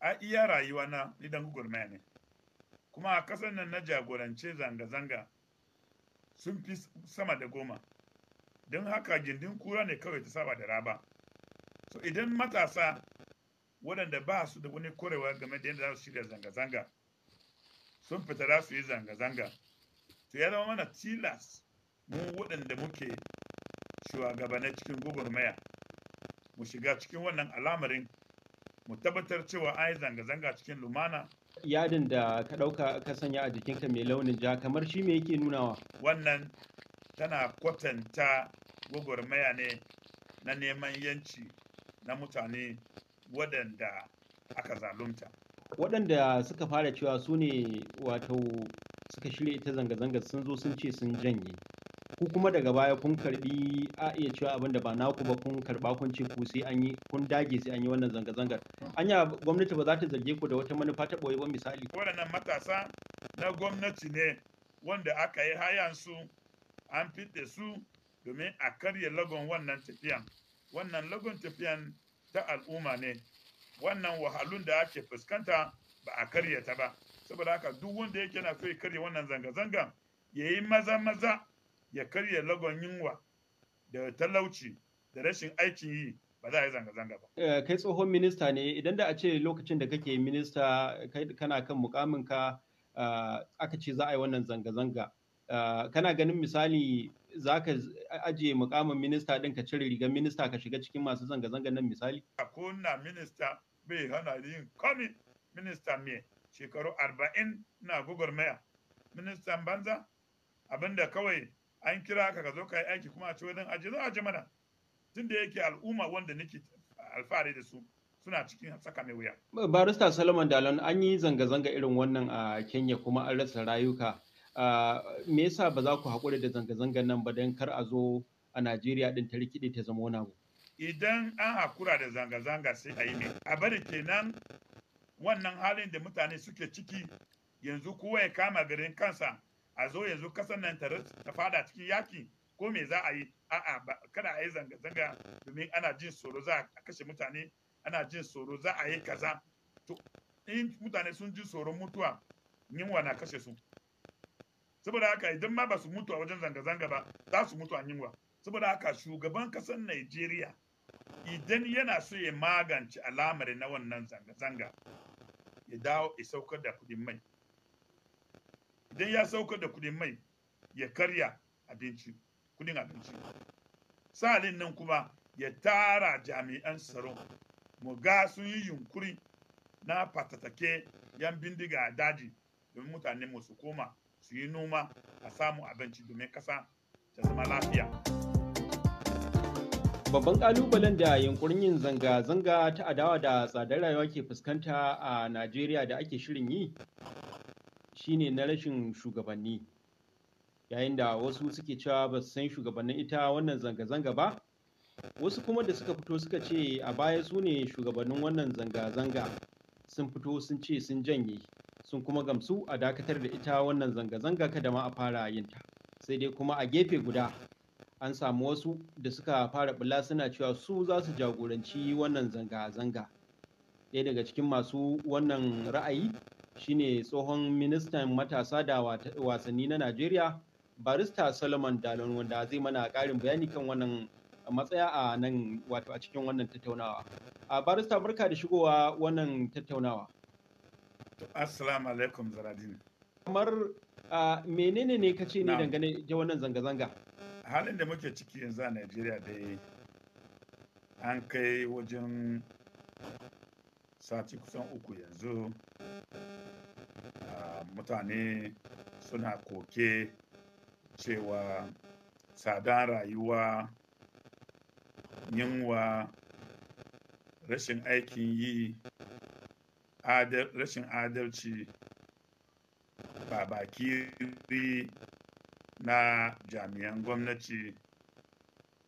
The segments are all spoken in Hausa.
a iya rayuwa na idan dan ne kuma a ƙasar nan na jagorance zanga-zanga sun fi sama da goma don haka gindin kura ne kawai ta saba da raba so idan matasa waɗanda ba su da wani korewa game da yadda za su shirya zanga-zanga sun fita za su yi zanga-zanga to ya zama mana tilas mu waɗanda muke shugabanni cikin gugurmaya mu shiga cikin wannan alamarin mu tabbatar cewa ai zanga-zanga cikin lumana yadin da ka ɗauka ka sanya a jikinka mai launin ja kamar shi me yake nunawa wannan tana kwatanta gwagwarmaya ne na neman yanci na mutane waɗanda aka zalunta waɗanda suka fara cewa su ne wato suka shirya ita zanga zanga sun zo sun ce sun janye ku kuma daga baya kun karbi a iya cewa abin da ba naku ba kun karba kun ce ku sai an yi kun dage sai an yi wannan zanga-zangar anya gwamnati ba za ta zarge ku da wata manufa ta ɓoye ba misali waɗannan matasa na gwamnati ne wanda aka yi hayan su an fiɗe su domin a karya lagon wannan tafiyan wannan lagon tafiyan ta al'umma ne wannan wahalun da ake fuskanta ba a karya ta ba saboda haka duk wanda yake na so ya karya wannan zanga-zangan ya yi maza-maza ya karya lagon yunwa da talauci da rashin aikin yi ba za a yi zanga-zanga ba. Eh, kai tsohon minista ne idan da a ce lokacin da kake minista kana kan mukamin ka eh, aka ce za a yi wannan zanga-zanga. Eh, kana ganin misali za ka ajiye mukamin minista ɗin ka cire rigar minista ka shiga cikin masu zanga zanga nan misali? Ko na minista bai hana yin komi minista me shekaru arba'in na gugurmaya. Ministan banza abinda kawai an kira ka ka zo ka yi aiki kuma a ce wajen ajiye zo aje mana tun da yake al'umma wanda nake alfahari da su suna cikin saka mai wuya. barista solomon dalon an yi zanga-zanga irin wannan a kenya kuma an rasa rayuka me yasa ba za ku haƙuri da zanga-zangan nan ba don kar a zo a najeriya din ta rikide ta zama wani idan an hakura da zanga-zanga sai a yi ne a bari kenan wannan halin da mutane suke ciki yanzu kowa ya kama garin kansa a zo yanzu kasan nan ta fada cikin yaki ko me za a yi a'a kada a yi zanga-zanga domin ana jin tsoro za a kashe mutane ana jin tsoro za a yi kaza to in mutane sun ji tsoron mutuwa yunwa na kashe su saboda haka idan ma ba su mutu a wajen zanga-zanga ba za su mutu a yunwa saboda haka shugaban kasar Najeriya idan yana so ya magance alamar na wannan zanga-zanga ya dawo ya saukar da kuɗin mai idan ya saukar da kudin mai ya karya abinci kudin abinci sa'alin nan kuma ya tara jami'an tsaro mu ga sun yi yunkuri na fatatake yan bindiga a daji domin mutane mu su koma su yi noma a samu abinci domin kasa ta zama lafiya babban kalubalen da yunkurin yin zanga-zanga ta adawa da tsadar rayuwa ke fuskanta a najeriya da ake shirin yi shine na rashin shugabanni yayin da wasu suke cewa ba su san shugabannin ita wannan zanga-zanga ba wasu kuma da suka fito suka ce a baya su ne shugabannin wannan zanga-zanga sun fito sun ce sun janye sun kuma gamsu a dakatar da ita wannan zanga-zanga kada ma a fara yin ta sai dai kuma a gefe guda an samu wasu da suka fara bula suna cewa su za su jagoranci wannan zanga-zanga ɗaya daga cikin masu wannan ra'ayi shine tsohon ministan matasa da wasanni na Najeriya barista Solomon Dalon wanda zai mana ƙarin bayani kan wannan matsaya a nan wato a cikin wannan tattaunawa. A barista barka da shigowa wannan tattaunawa. Assalamu alaikum Zaradin. Kamar menene ne ka ce ne dangane da wannan zanga-zanga? Halin da muke ciki yanzu a Najeriya dai an kai wajen sati kusan uku yanzu ah, mutane suna koke cewa tsadar rayuwa yunwa rashin aikin yi rashin adalci babakiri na jami'an gwamnati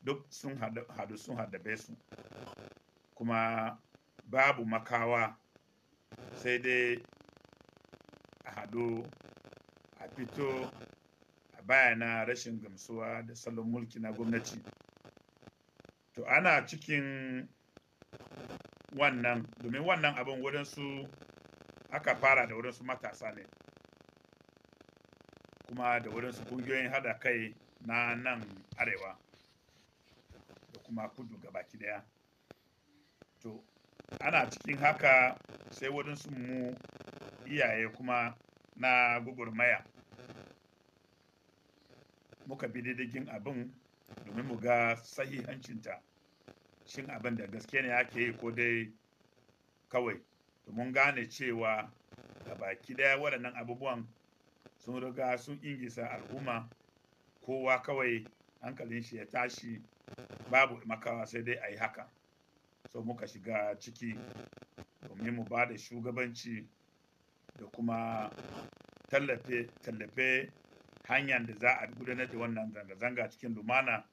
duk sun hadu sun haddabe su kuma babu makawa sai dai a hado a fito a bayana rashin gamsuwa da salon mulki na gwamnati to ana cikin wannan domin wannan abin wadansu aka fara da wadansu matasa ne kuma da wadansu ƙungiyoyin hada kai na nan arewa da kuma kudu gabaki daya to ana cikin haka sai waɗansu mu iyaye kuma na gugurmaya muka bi diddigin abin domin mu ga sahihancinta shin abin da gaske ne ake yi ko dai kawai mun gane cewa ga baki ɗaya waɗannan abubuwan sun riga sun ingisa al'umma kowa kawai hankalin shi ya tashi babu makawa sai dai a yi haka so muka shiga ciki domin mu ba da shugabanci da kuma tallafe tallafe hanyar da za a gudanar da wannan zanga-zanga cikin lumana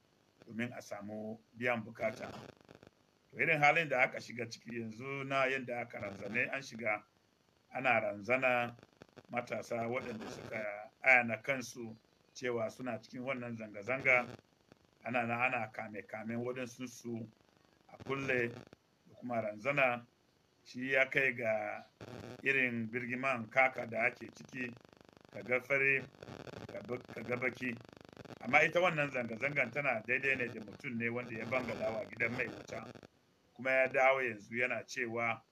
domin a samu biyan bukata to irin halin da aka shiga ciki yanzu na yadda aka ranzane an shiga ana ranzana matasa waɗanda suka ayana kansu cewa suna cikin wannan zanga-zanga ana na ana kame-kamen waɗansu su a kulle da kuma ranzana shi ya kai ga irin birgiman kaka da ake ciki ka ga fare ka ga baki amma ita wannan zanga-zangan tana daidai ne da mutum ne wanda ya bangalawa gidan mai wuta kuma ya dawo yanzu yana cewa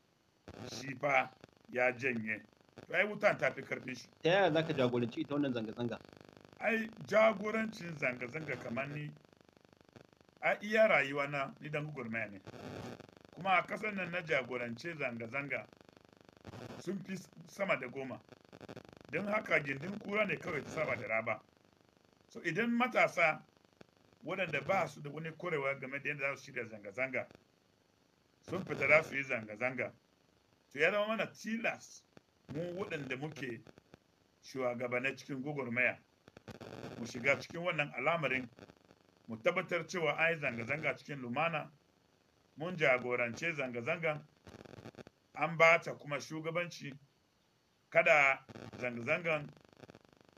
shi fa ya janye to ai wutan ta fi karfin shi ta yaya ka jagoranci ita wannan zanga-zanga ai jagorancin zanga-zanga kamar ni a iya rayuwa na ni dan gugurmaya ne kuma a kasar nan na jagorance zanga-zanga sun fi sama da goma don haka gindin kura ne kawai ta saba da raba so idan matasa waɗanda ba su da wani korewa game da yadda za su shirya zanga-zanga sun fita za su yi zanga-zanga to ya zama mana tilas mu waɗanda muke shugabanni cikin gwagwarmaya mu shiga cikin wannan alamarin mu tabbatar cewa an yi zanga-zanga cikin lumana mun jagorance zanga-zangan an ba ta kuma shugabanci kada zanga-zangan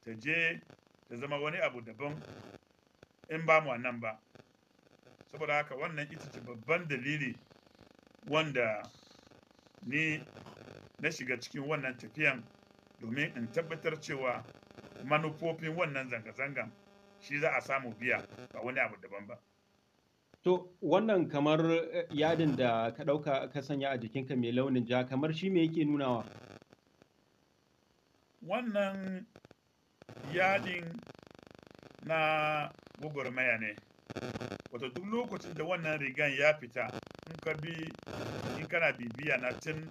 ta je ta zama wani abu daban in ba mu wannan ba saboda haka wannan ita ce babban dalili wanda ni na shiga cikin wannan tafiyan domin in tabbatar cewa manufofin wannan zanga-zangan shi za a samu biya ba wani abu daban ba to wannan kamar eh, yadin da ka ɗauka ka sanya a jikinka mai launin ja kamar shi me yake nunawa wannan yadin na gwagwarmaya ne wato duk lokacin da wannan rigan ya fita in ka bi in kana bibiya na tun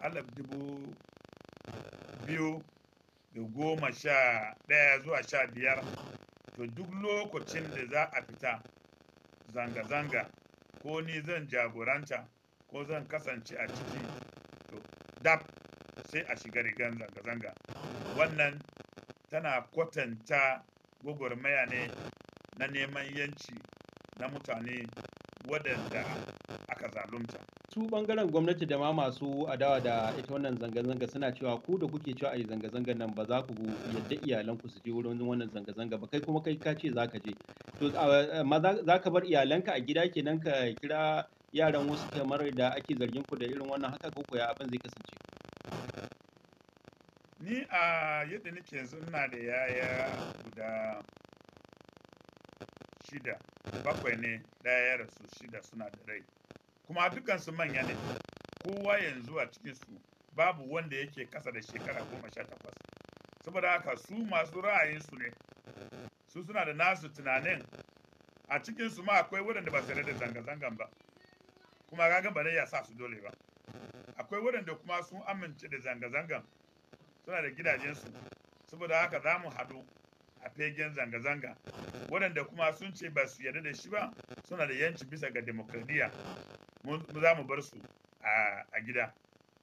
alaf dubu biyu da goma sha ɗaya zuwa sha biyar to duk lokacin da za a fita zanga-zanga ko ni zan jagoranta ko zan kasance a ciki to dab sai a shiga rigan zanga-zanga wannan tana kwatanta gwagwarmaya ne na neman yanci na mutane waɗanda aka zalunta. Su ɓangaren gwamnati da ma masu adawa da ita wannan zanga-zanga suna cewa ku da kuke cewa a yi zanga-zanga nan ba za ku yadda iyalanku su je wurin wannan zanga-zanga ba kai kuma kai ka ce za ka je. To amma za ka bar iyalanka a gida kenan ka kira yaran wasu kamar da ake zargin ku da irin wannan haka ko ya abin zai kasance. Ni a yadda nake yanzu ina da yaya guda shida bakwai ne ɗaya ya rasu shida suna da rai kuma dukansu manya ne kowa yanzu a cikinsu babu wanda yake kasa da shekara goma sha takwas saboda haka su masu ra'ayinsu ne su suna da nasu tunanin a cikinsu ma akwai waɗanda ba su da zanga-zangan ba kuma kaga ba ya sa su dole ba akwai waɗanda kuma sun amince da zanga-zangan suna da gidajensu saboda haka za mu haɗu a fegen zanga-zanga waɗanda kuma sun ce ba su yarda da shi ba suna da yanci bisa ga demokradiyya mu za mu bar su a gida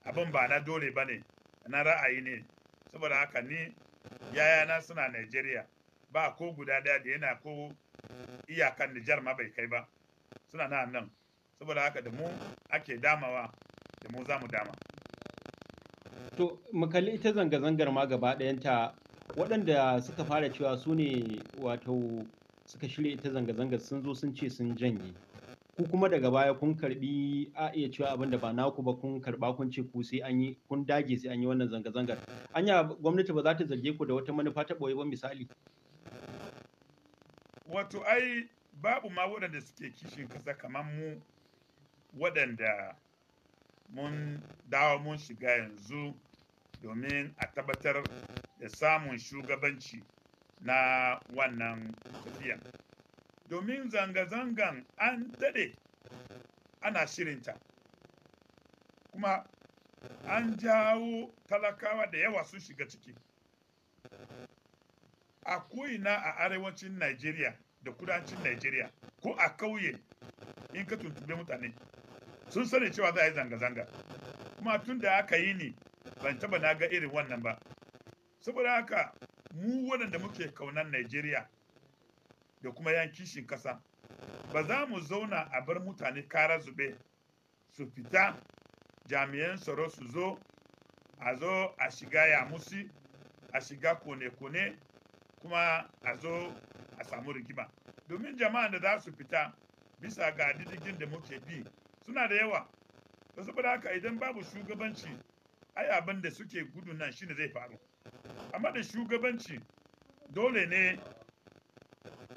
abin ba na dole ba ne na ra'ayi ne saboda haka ni yayana suna nigeria ba ko guda daya da yana ko iyakan nijar ma bai kai ba suna nan nan saboda haka da mu ake damawa da mu za mu dama to mu kalli ita zanga-zangar ma gaba ɗayanta waɗanda suka fara cewa su ne wato suka shirya ita zanga-zangar sun zo sun ce sun janye ku kuma daga baya kun karbi a iya cewa abin da ba naku ba kun karba kun ce ku sai an yi kun dage sai an yi wannan zanga-zangar anya gwamnati ba za ta zarge ku da wata manufa ta ɓoye ba misali wato ai babu ma waɗanda suke kishin kasa kamar mu waɗanda mun dawo mun shiga yanzu domin a tabbatar da samun shugabanci na wannan tafiya. Domin zanga-zangan an daɗe ana shirinta, kuma an jawo talakawa da yawa sun shiga ciki. A ko'ina a arewacin Najeriya da kudancin Najeriya ko a kauye in ka tuntube mutane sun sani cewa za a yi zanga-zanga. Kuma tun da aka yi ni. ban taba na ga irin wannan ba saboda haka mu waɗanda muke kaunar Najeriya da kuma yan kishin kasa ba za mu zauna a bar mutane kara zube su fita jami'an tsaro su zo a zo a shiga yamusi a shiga kone-kone kuma a zo a samu rigima domin jama'an da za su fita bisa ga didigin da muke bi suna da yawa saboda haka idan babu shugabanci ai abin da suke gudu nan shine zai faru amma da shugabanci dole ne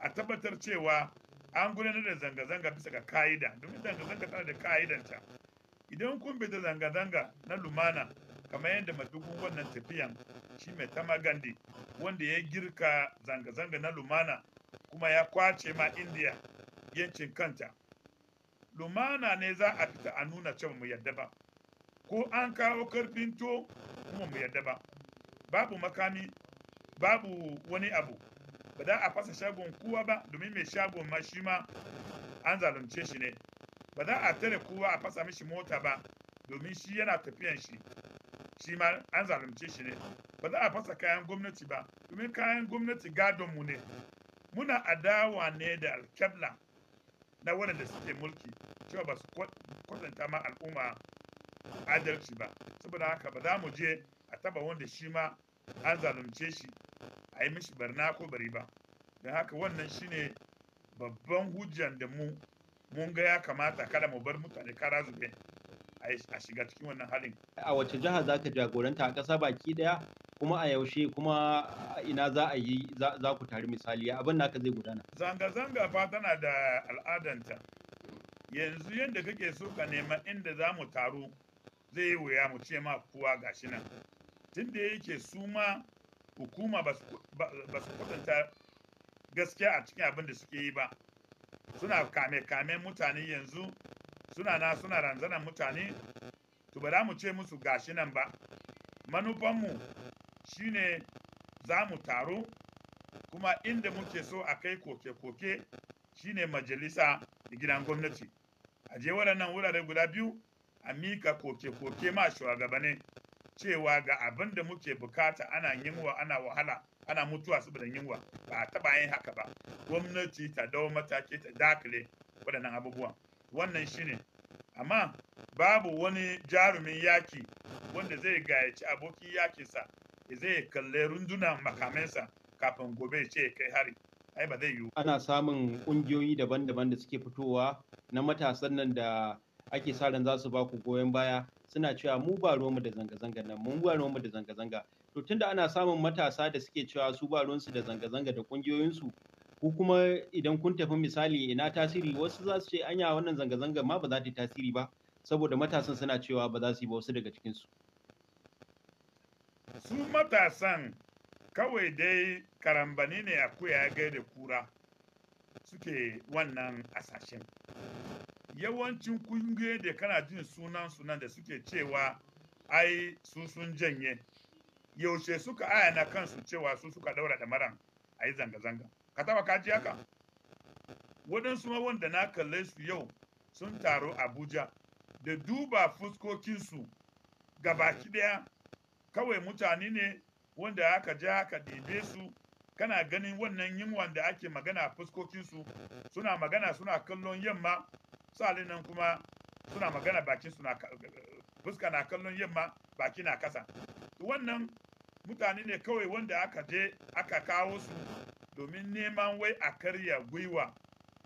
a tabbatar cewa an gudanar da zanga-zanga bisa ga ka'ida domin zanga-zanga tana da ka'idanta idan kun bi da zanga-zanga na lumana kamar yadda madugun wannan tafiyan shi mai tamagandi wanda ya girka zanga-zanga na lumana kuma ya kwace ma indiya yancin kanta lumana ne za a fita a nuna cewa mu yadda ba ko an kawo karfin to kuma mu yarda ba babu makami babu wani abu ba za a fasa shagon kowa ba domin mai shagon ma shi ma an zalunce shi ne ba za a tare kowa a fasa mishi mota ba domin shi yana tafiyan shi shi ma an zalunce shi ne ba za a fasa kayan gwamnati ba domin kayan gwamnati gadonmu ne muna adawa ne da alkebla na waɗanda suke mulki cewa ba su kwatanta ma al'umma adalci ba saboda haka ba za mu je a taba wanda shi ma an zalunce shi a yi mishi barna ko bari ba don haka wannan shine babban hujjan da mu mun ga ya kamata kada mu bar mutane kara zube a shiga cikin wannan halin a wace jiha za ka jagoranta a ƙasa baki daya kuma a yaushe kuma ina za a yi za ku tari misali abin naka zai gudana zanga-zanga fa tana da al'adanta yanzu yadda kake so ka nema inda za mu taro zai wuya mu ce ma ga gashi nan tunda yake su ma hukuma ba su kwatanta gaskiya a cikin abin da suke yi ba suna kame-kame mutane yanzu suna na suna ranzanar mutane to ba mu ce musu gashi nan ba manufanmu shine za mu taro kuma inda muke so a kai koke-koke shine majalisa da gidan gwamnati a je waɗannan wurare guda biyu a mika koke-koke ma shugabanni cewa ga abin da muke bukata ana yinwa ana wahala ana mutuwa saboda yinwa ba a taɓa yin haka ba gwamnati ta dawo mataki ta dakile waɗannan abubuwan wannan shine amma babu wani jarumin yaki wanda zai gayaci abokin yakinsa zai kalle rundunan makamansa kafin gobe ce kai hari ai ba zai yiwu ana samun ƙungiyoyi daban-daban da suke fitowa na matasan nan da ake sa ran za su ba ku goyon baya suna cewa mu ba ruwanmu da zanga-zanga nan mun ba ruwanmu da zanga-zanga to tunda ana samun matasa da suke cewa su ba ruwansu da zanga-zanga da kungiyoyinsu ko kuma idan kun tafi misali ina tasiri wasu za su ce anya wannan zanga-zanga ma ba za ta tasiri ba saboda matasan suna cewa ba za su yi ba wasu daga cikinsu. su matasan kawai dai karambani ne akuya ya da kura suke wannan asashen yawancin kungiyoyi da kana jin sunan sunan da suke cewa ai su sun janye yaushe suka na kansu cewa su suka daura da maran a yi zanga-zanga ka taba ka ji haka waɗansu ma wanda na kalle su yau sun taro abuja da duba fuskokinsu ga baki ɗaya kawai mutane ne wanda aka ja aka ɗebe su kana ganin wannan yunwan da ake magana a fuskokinsu suna magana suna kallon yamma sa'alin nan kuma suna magana bakin suna fuska na kallon yamma baki na kasa wannan mutane ne kawai wanda aka je aka kawo su domin neman wai a karya gwiwa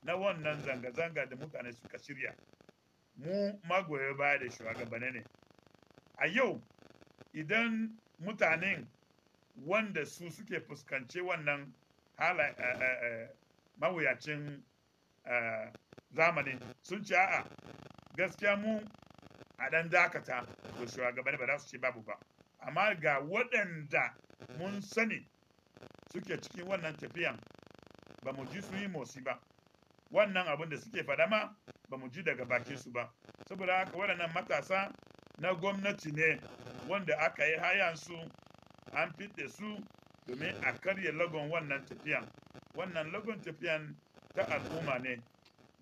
na wannan zanga-zanga da mutane suka shirya mu magoya baya da shugabane ne a yau idan mutanen wanda su suke fuskance wannan eh, eh, eh, mawuyacin zamanin sun ce a'a gaskiya mu a ɗan dakata da shugabanni ba za su ce babu ba amma ga waɗanda mun sani suke cikin wannan tafiyan ba mu ji su yi motsi ba wannan abin da suke faɗa ma ba mu ji daga bakin su ba saboda haka waɗannan matasa na gwamnati ne wanda aka yi hayan su an fiɗe su domin a karya lagon wannan tafiyan wannan lagon tafiyan ta al'umma ne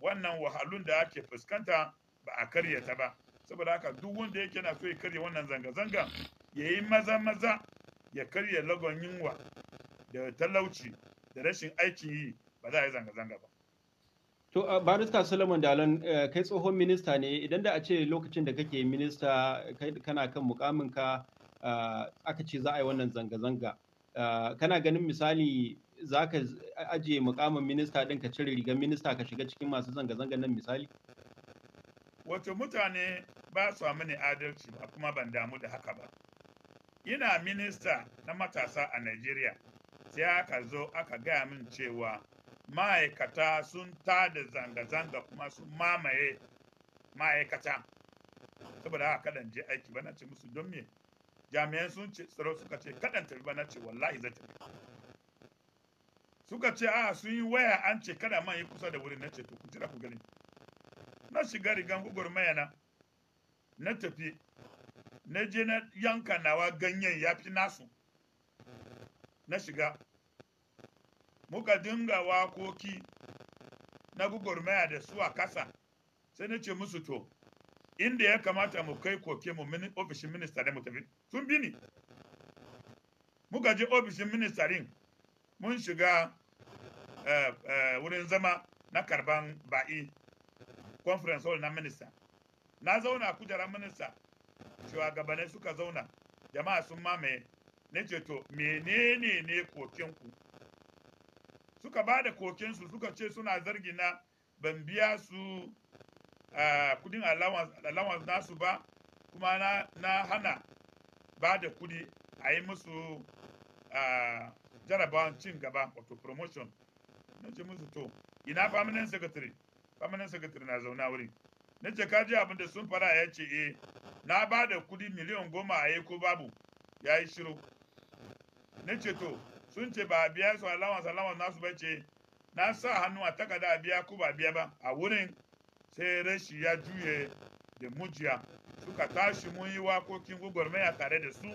wannan wahalun da ake fuskanta ba a karya ta ba saboda haka duk wanda yake na so ya karya wannan zanga-zanga ya yi maza-maza ya karya lagon yunwa da talauci da rashin aikin yi ba za a yi zanga-zanga ba. To barista Solomon Dalon eh, kai tsohon minista ne idan da a ce lokacin da kake minista kana kan mukaminka ah, aka ce za a yi wannan zanga-zanga. Ah, kana ganin misali za ka ajiye mukamin minista ɗin ka cire rigar minista ka shiga cikin masu zanga-zanga nan misali? Wato mutane ba su mini adalci ba kuma ban damu da haka ba. Ina minista na matasa a Najeriya sai aka zo aka gaya min cewa ma'aikata sun da zanga-zanga kuma sun mamaye ma'aikata. Saboda haka kaɗan je aiki ba na ce musu don me jami'an sun ce tsaro suka ce kaɗan tafi ba na ce wallahi zai tafi. suka ce a ah, sun yi waya an ce kada man yi kusa da wurin na ce to ku jira ku gani na shiga rigan gwagwarmaya na na tafi na je na yanka nawa ganyen ya fi nasu na shiga muka dinga wakoki na gwagwarmaya da su a kasa sai na ce musu to inda ya kamata mu kai koke mu ofishin minista da mu tafi sun bi ni muka je ofishin ministarin mun shiga Eh, eh, wurin zama na karban ba'i conference hall na minista na zauna kujerar minista shugabannin suka zauna jama'a sun mamaye na ce to menene ne kokinku suka ba da kokinsu suka ce suna zargi na ban biya su eh, kudin allowance nasu ba kuma na hana ba da kudi a yi musu jarabawan cin gaba wato promotion na ce musu to ina faminan secretary permanent secretary na zauna wuri na ce ka ji abin da sun fara ya ce eh na ba da kudi miliyan goma a yi ko babu ya yi shiru na ce to sun ce ba biya su alawan salawan nasu ba ce na sa hannu a takada a biya ko ba biya ba a wurin sai rashi ya juye da mujiya suka tashi mun yi wakokin gwagwarmaya tare da su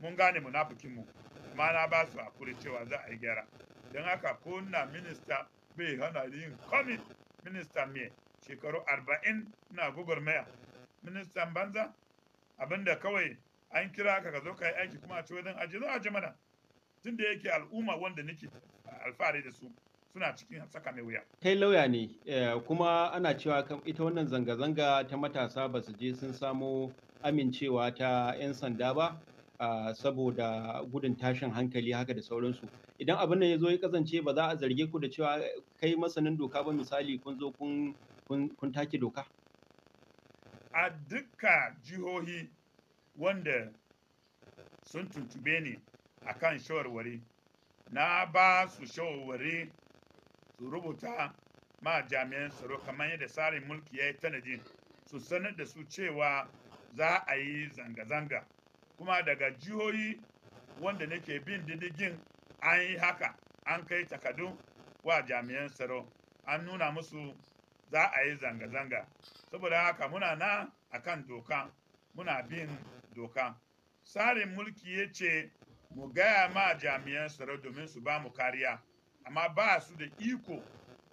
mun gane munafukinmu amma na ba su a kuri cewa za a yi gyara don haka ko na minista bai hana yin komi minista mai shekaru arba'in na maya ministan banza abinda kawai an kira ka ka zo ka yi aiki kuma a ci wajen aji zuwa aji mana tun da yake al'umma wanda nake alfahari da su suna cikin saka mai wuya. Kai lauya ne eh, kuma ana cewa ita wannan zanga-zanga ta matasa ba su je sun samo amincewa ta 'yan sanda ba saboda gudun tashin hankali haka da sauransu idan abin nan ya zo ya kasance ba za a zarge ku da cewa kai masanin doka ba misali kun zo kun take doka a dukka jihohi wanda sun tuntube ni a kan shawarwari na ba su shawarwari su rubuta ma jami'an tsaro kamar yadda tsarin mulki ya yi tanadi su sanar da su cewa za a yi zanga-zanga kuma daga jihohi wanda nake bin didigin an yi haka an kai takardun wa jami'an tsaro an nuna musu za a yi zanga-zanga saboda haka muna na a kan doka muna bin doka tsarin mulki ya ce mu gaya ma jami'an tsaro domin su ba mu kariya amma ba su da iko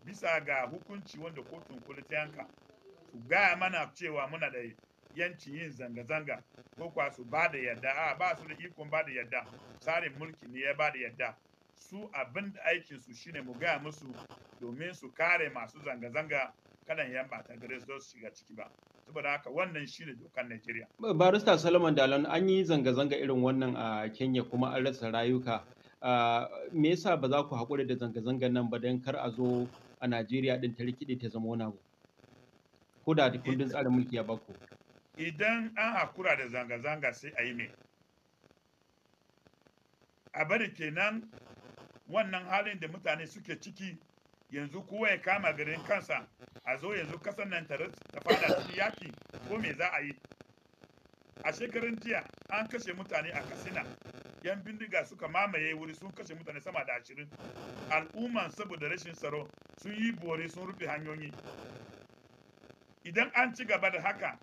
bisa ga hukunci wanda kotun kuli ta yanka su gaya mana cewa muna da yanci yin zanga-zanga ko kwa su ba da yadda a ba su da ikon ba da yadda tsarin mulki ne ya ba da yadda su abin da aikin su shine mu gaya musu domin su kare masu zanga-zanga kadan yan ba ta gare su shiga ciki ba saboda haka wannan shine dokar Najeriya barista Solomon Dalon an yi zanga-zanga irin wannan a Kenya kuma an rasa rayuka me yasa ba za ku haƙuri da zanga-zangan nan ba don kar a zo a Najeriya din ta rikide ta zama wani abu ko da kundin tsarin mulki ya bako idan an hakura da zanga-zanga sai a yi mai a bari kenan wannan halin da mutane suke ciki yanzu kowa ya kama garin kansa a zo yanzu kasan nan ta fada cikin yaki ko me za a yi a shekarun jiya an kashe mutane a kasina yan bindiga suka mamaye wuri sun kashe mutane sama da ashirin al'umman saboda rashin tsaro sun yi bore sun rufe hanyoyi idan an ci gaba da haka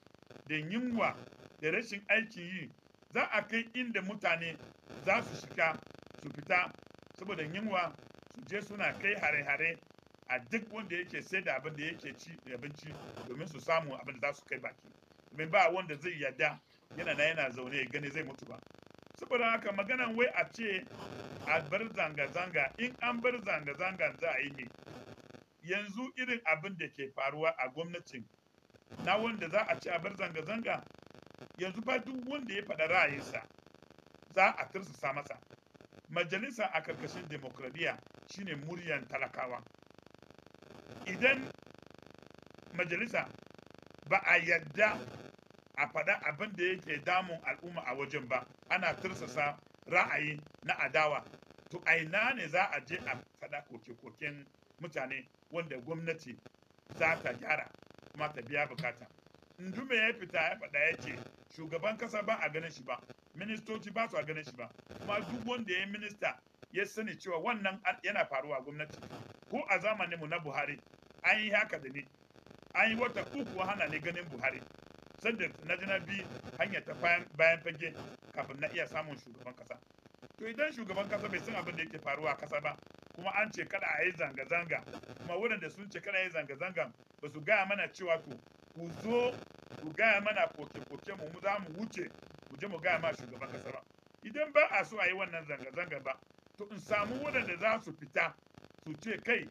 da yunwa da rashin aikin yi za a kai inda mutane za su shiga su fita saboda yunwa su je suna kai hare-hare a duk wanda yake sai da abin da yake ci abinci domin su samu abin da za su kai baki domin ba wanda zai yarda yana na yana zaune gani zai mutu ba saboda haka maganan wai a ce a bar zanga-zanga in an bar zanga-zanga za a yi ne yanzu irin abin da ke faruwa a gwamnatin na wanda za a ci a bar zanga-zanga yanzu ba duk wanda ya faɗa ra'ayinsa za a tursasa masa majalisa a karkashin demokradiyya shine muryan talakawa idan majalisa ba a yadda a faɗa abin da yake damun al'umma a wajen ba ana tursasa ra'ayi na adawa to aina ne za a je a faɗa koke-koken mutane wanda gwamnati za ta gyara kuma biya bukata ndume ya fita ya faɗa ya ce shugaban kasa ba a ganin shi ba ministoci ba su a ganin shi ba kuma duk wanda ya yi minista ya sani cewa wannan yana faruwa gwamnati ko a zamaninmu na buhari an yi haka da ni an yi wata uku hana ne ganin buhari sanda na jina biyu bi hanyar ta bayan fage kafin na iya samun shugaban kasa to idan shugaban kasa bai san abin da yake faruwa a kasa ba kuma an ce kada a yi zanga-zanga kuma waɗanda sun ce kada a yi zanga-zanga ba su gaya mana cewa to ku zo ku gaya mana koke-koke mu mu za mu wuce mu je mu gaya ma shugaban kasa ba idan ba a so a yi wannan zanga-zanga ba to in samu waɗanda za su fita su ce kai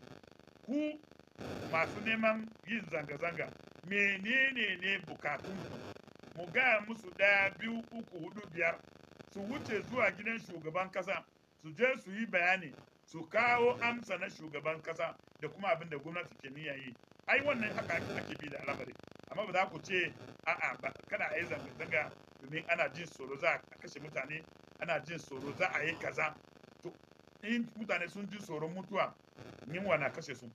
ku masu neman yin zanga-zanga menene ne bukatun mu gaya musu ɗaya biyu uku hudu biyar su wuce zuwa gidan shugaban kasa su je su yi bayani su kawo amsa na shugaban kasa da kuma abin da gwamnati ke niyya yi ai wannan haka ake bi da al'amari amma ba za ku ce a'a ba kada a yi zanga-zanga domin ana jin tsoro za a kashe mutane ana jin tsoro za a yi kaza to in mutane sun ji tsoron mutuwa yunwa na kashe su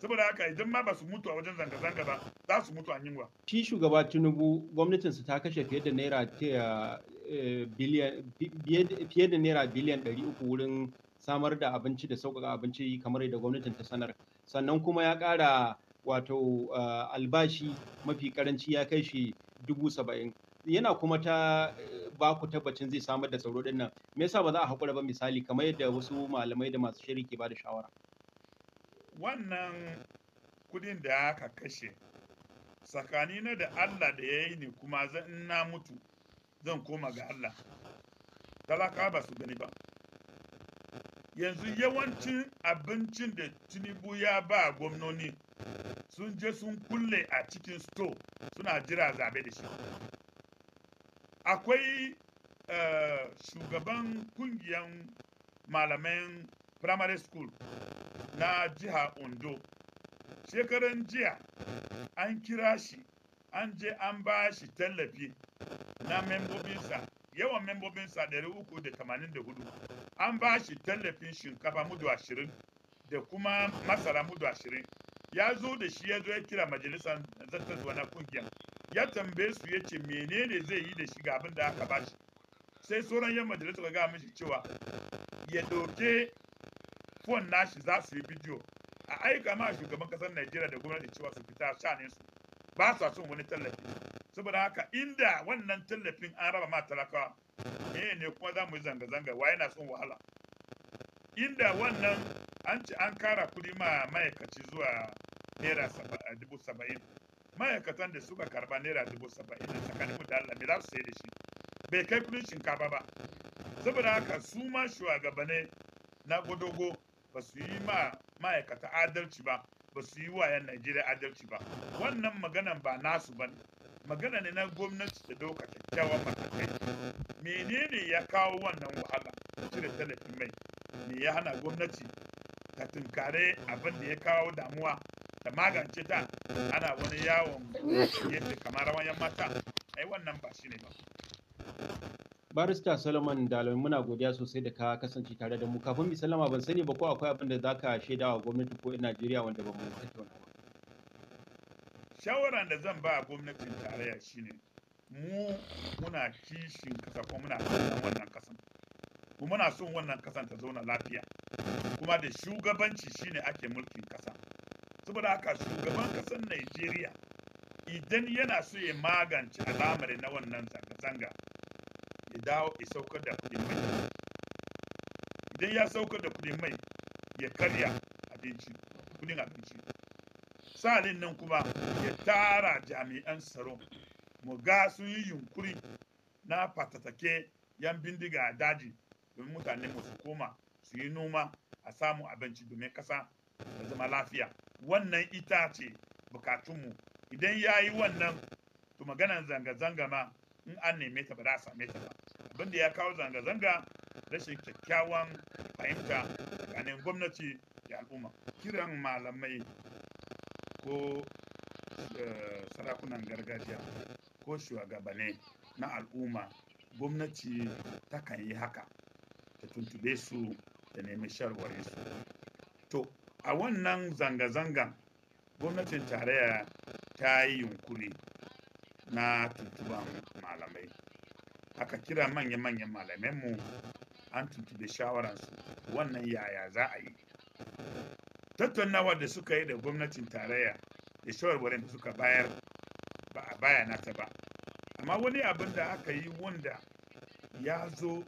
saboda haka idan ma ba su mutu a wajen zanga-zanga ba za su mutu a yunwa. shi shugaba tinubu gwamnatinsa ta kashe fiye da naira eh, eh, fiye da naira biliyan 300 wurin samar da abinci da sauƙaƙa abinci kamar yadda gwamnatin ta sanar sannan kuma ya ƙara wato eh, albashi mafi karanci ya kai shi dubu saba'in yana kuma ta eh, ba tabbacin zai samar da tsaro dinnan me yasa ba za a haƙura ba misali kamar yadda wasu malamai da masu shiri ke ba da shawara wannan kudin da aka kashe tsakanina da allah da ya yi ne kuma zan na mutu zan koma ga allah talaka ba su gani ba yanzu yawancin abincin da tinubu ya ba gwamnoni sun je sun kulle a cikin store suna jira zabe da shi akwai eh, shugaban kungiyan malaman primary school na jiha ondo shekaran jiya an kira shi an je an ba shi tallafi na membobinsa yawan membobin sa uku da 384 an ba shi tallafin shinkafa mudu ashirin da kuma masara mudu ashirin ya zo da shi ya zo ya kira majalisar zattaswa na kungiyar ya tambaye su ya ce menene zai yi da shi ga abin da aka ba shi sai sauran yan majalisar ga gama shi cewa ya doke fon nashi za su yi bidiyo a aika ma shugaban kasar najeriya da gwamnati cewa su fita shanin su ba sa son wani tallafi saboda haka inda wannan tallafin an raba ma talakawa eh ne kuma za mu yi zanga-zanga wa yana son wahala inda wannan an ci an kara kudi ma ma'aikaci zuwa naira eh, dubu saba'in ma'aikatan da suka karba naira dubu saba'in da tsakanin mu da me za su sai da shi bai kai kudin shinkafa ba saboda haka su ma shugabane na godogo ba su yi ma ma'aikata adalci ba ba su yi wa 'yan Najeriya adalci ba wannan maganan ba nasu ba ne magana ne na gwamnati da dauka kyakkyawan matakai menene ya kawo wannan wahala cire tallafin mai me ya hana gwamnati ta tunkare abin da ya kawo damuwa ta magance ta ana wani yawon yadda kamar wayan mata ai wannan ba shi ne ba barista solomon dalami muna godiya sosai da ka kasance tare da mu kafin mu sallama ban sani ba ko akwai abin da zaka shaidawa gwamnati ko in najeriya wanda ba mu tattauna shawaran da zan ba gwamnatin tarayya shine mu muna kishin kasa kuma muna son wannan kasan kuma muna son wannan kasan ta zauna lafiya kuma da shugabanci shine ake mulkin kasa saboda haka shugaban kasan Najeriya idan yana so ya magance al'amari na wannan zanga-zanga ya dawo ya saukar da kudin mai idan ya saukar da kudin mai ya karya abinci kudin abinci sa'anin nan kuma ya tara jami'an tsaro mu ga sun yi yunkuri na fatatake yan bindiga daji domin mutane mu su koma su yi noma a samu abinci domin kasa da zama lafiya wannan ita ce bukatunmu idan ya yi wannan to maganan zanga-zanga ma in an neme ta ba za a same ta ba abin da ya kawo zanga-zanga rashin kyakkyawan fahimta tsakanin gwamnati da al'umma kiran malamai ko eh, sarakunan gargajiya ko shugabanni na al'umma gwamnati ta kan yi haka ta tuntube su ta nemi sharwarin su to a wannan zanga-zangan gwamnatin tarayya ta yi yunkuri na tuntuban malamai aka kira manya-manyan mu an tuntube shawaransu wannan yaya za a yi tattaunawa da suka yi da gwamnatin tarayya da shawarwarin da suka bayar ba a bayana ta ba amma wani abin da aka yi wanda ya zo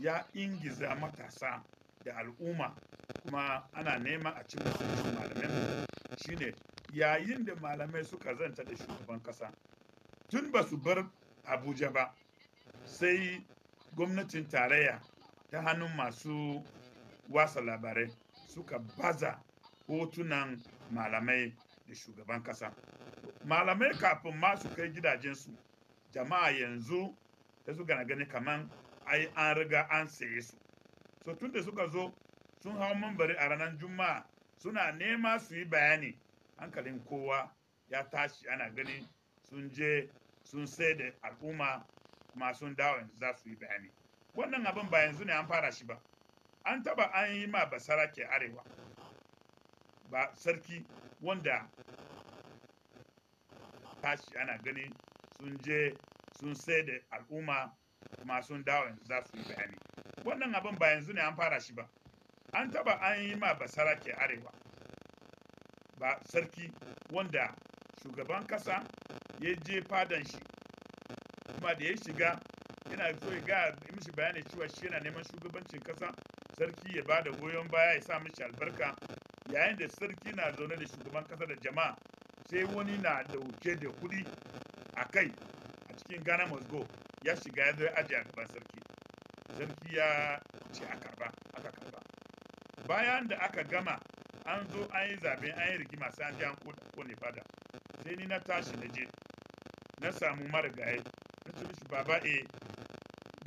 ya ingiza matasa da al'umma kuma ana nema a ci musu malamai shine yayin da malamai suka zanta da shugaban kasa tun ba su bar abuja ba sai gwamnatin tarayya ta hannun masu wasa labarai suka baza hotunan malamai da shugaban ƙasa malamai kafin masu su kai gidajensu jama'a yanzu ta su gana gani kaman ai an riga an saye su so tun da suka zo sun hau mambari a ranar juma'a suna nema su yi bayani hankalin kowa ya tashi ana gani sun je sun sai da al'umma kuma sun dawo yanzu za su yi bayani wannan abin ba yanzu ne an fara shi ba an taɓa an yi ma basara ke arewa ba sarki wanda tashi ana gani sun je sun sai da al'umma kuma sun dawo yanzu za su yi bayani wannan abin ba yanzu ne an fara shi ba an taba an yi ma basara ke arewa ba sarki wanda shugaban kasa ya je fadan shi kuma da ya shiga yana so ya ga mishi bayani cewa shi yana neman shugabancin kasa sarki ya ba da goyon baya ya sa mishi albarka yayin da sarki na zaune da shugaban kasa da jama'a sai wani na dauke da kuɗi a kai a cikin ghana must go ya shiga ya zai ajiye a gaban sarki sarki ya ce a karba aka karba bayan da aka gama an zo an yi zaben an yi rigima sai an je an kone fada sai ni na tashi na je na samu marigaye na ce mishi baba e eh,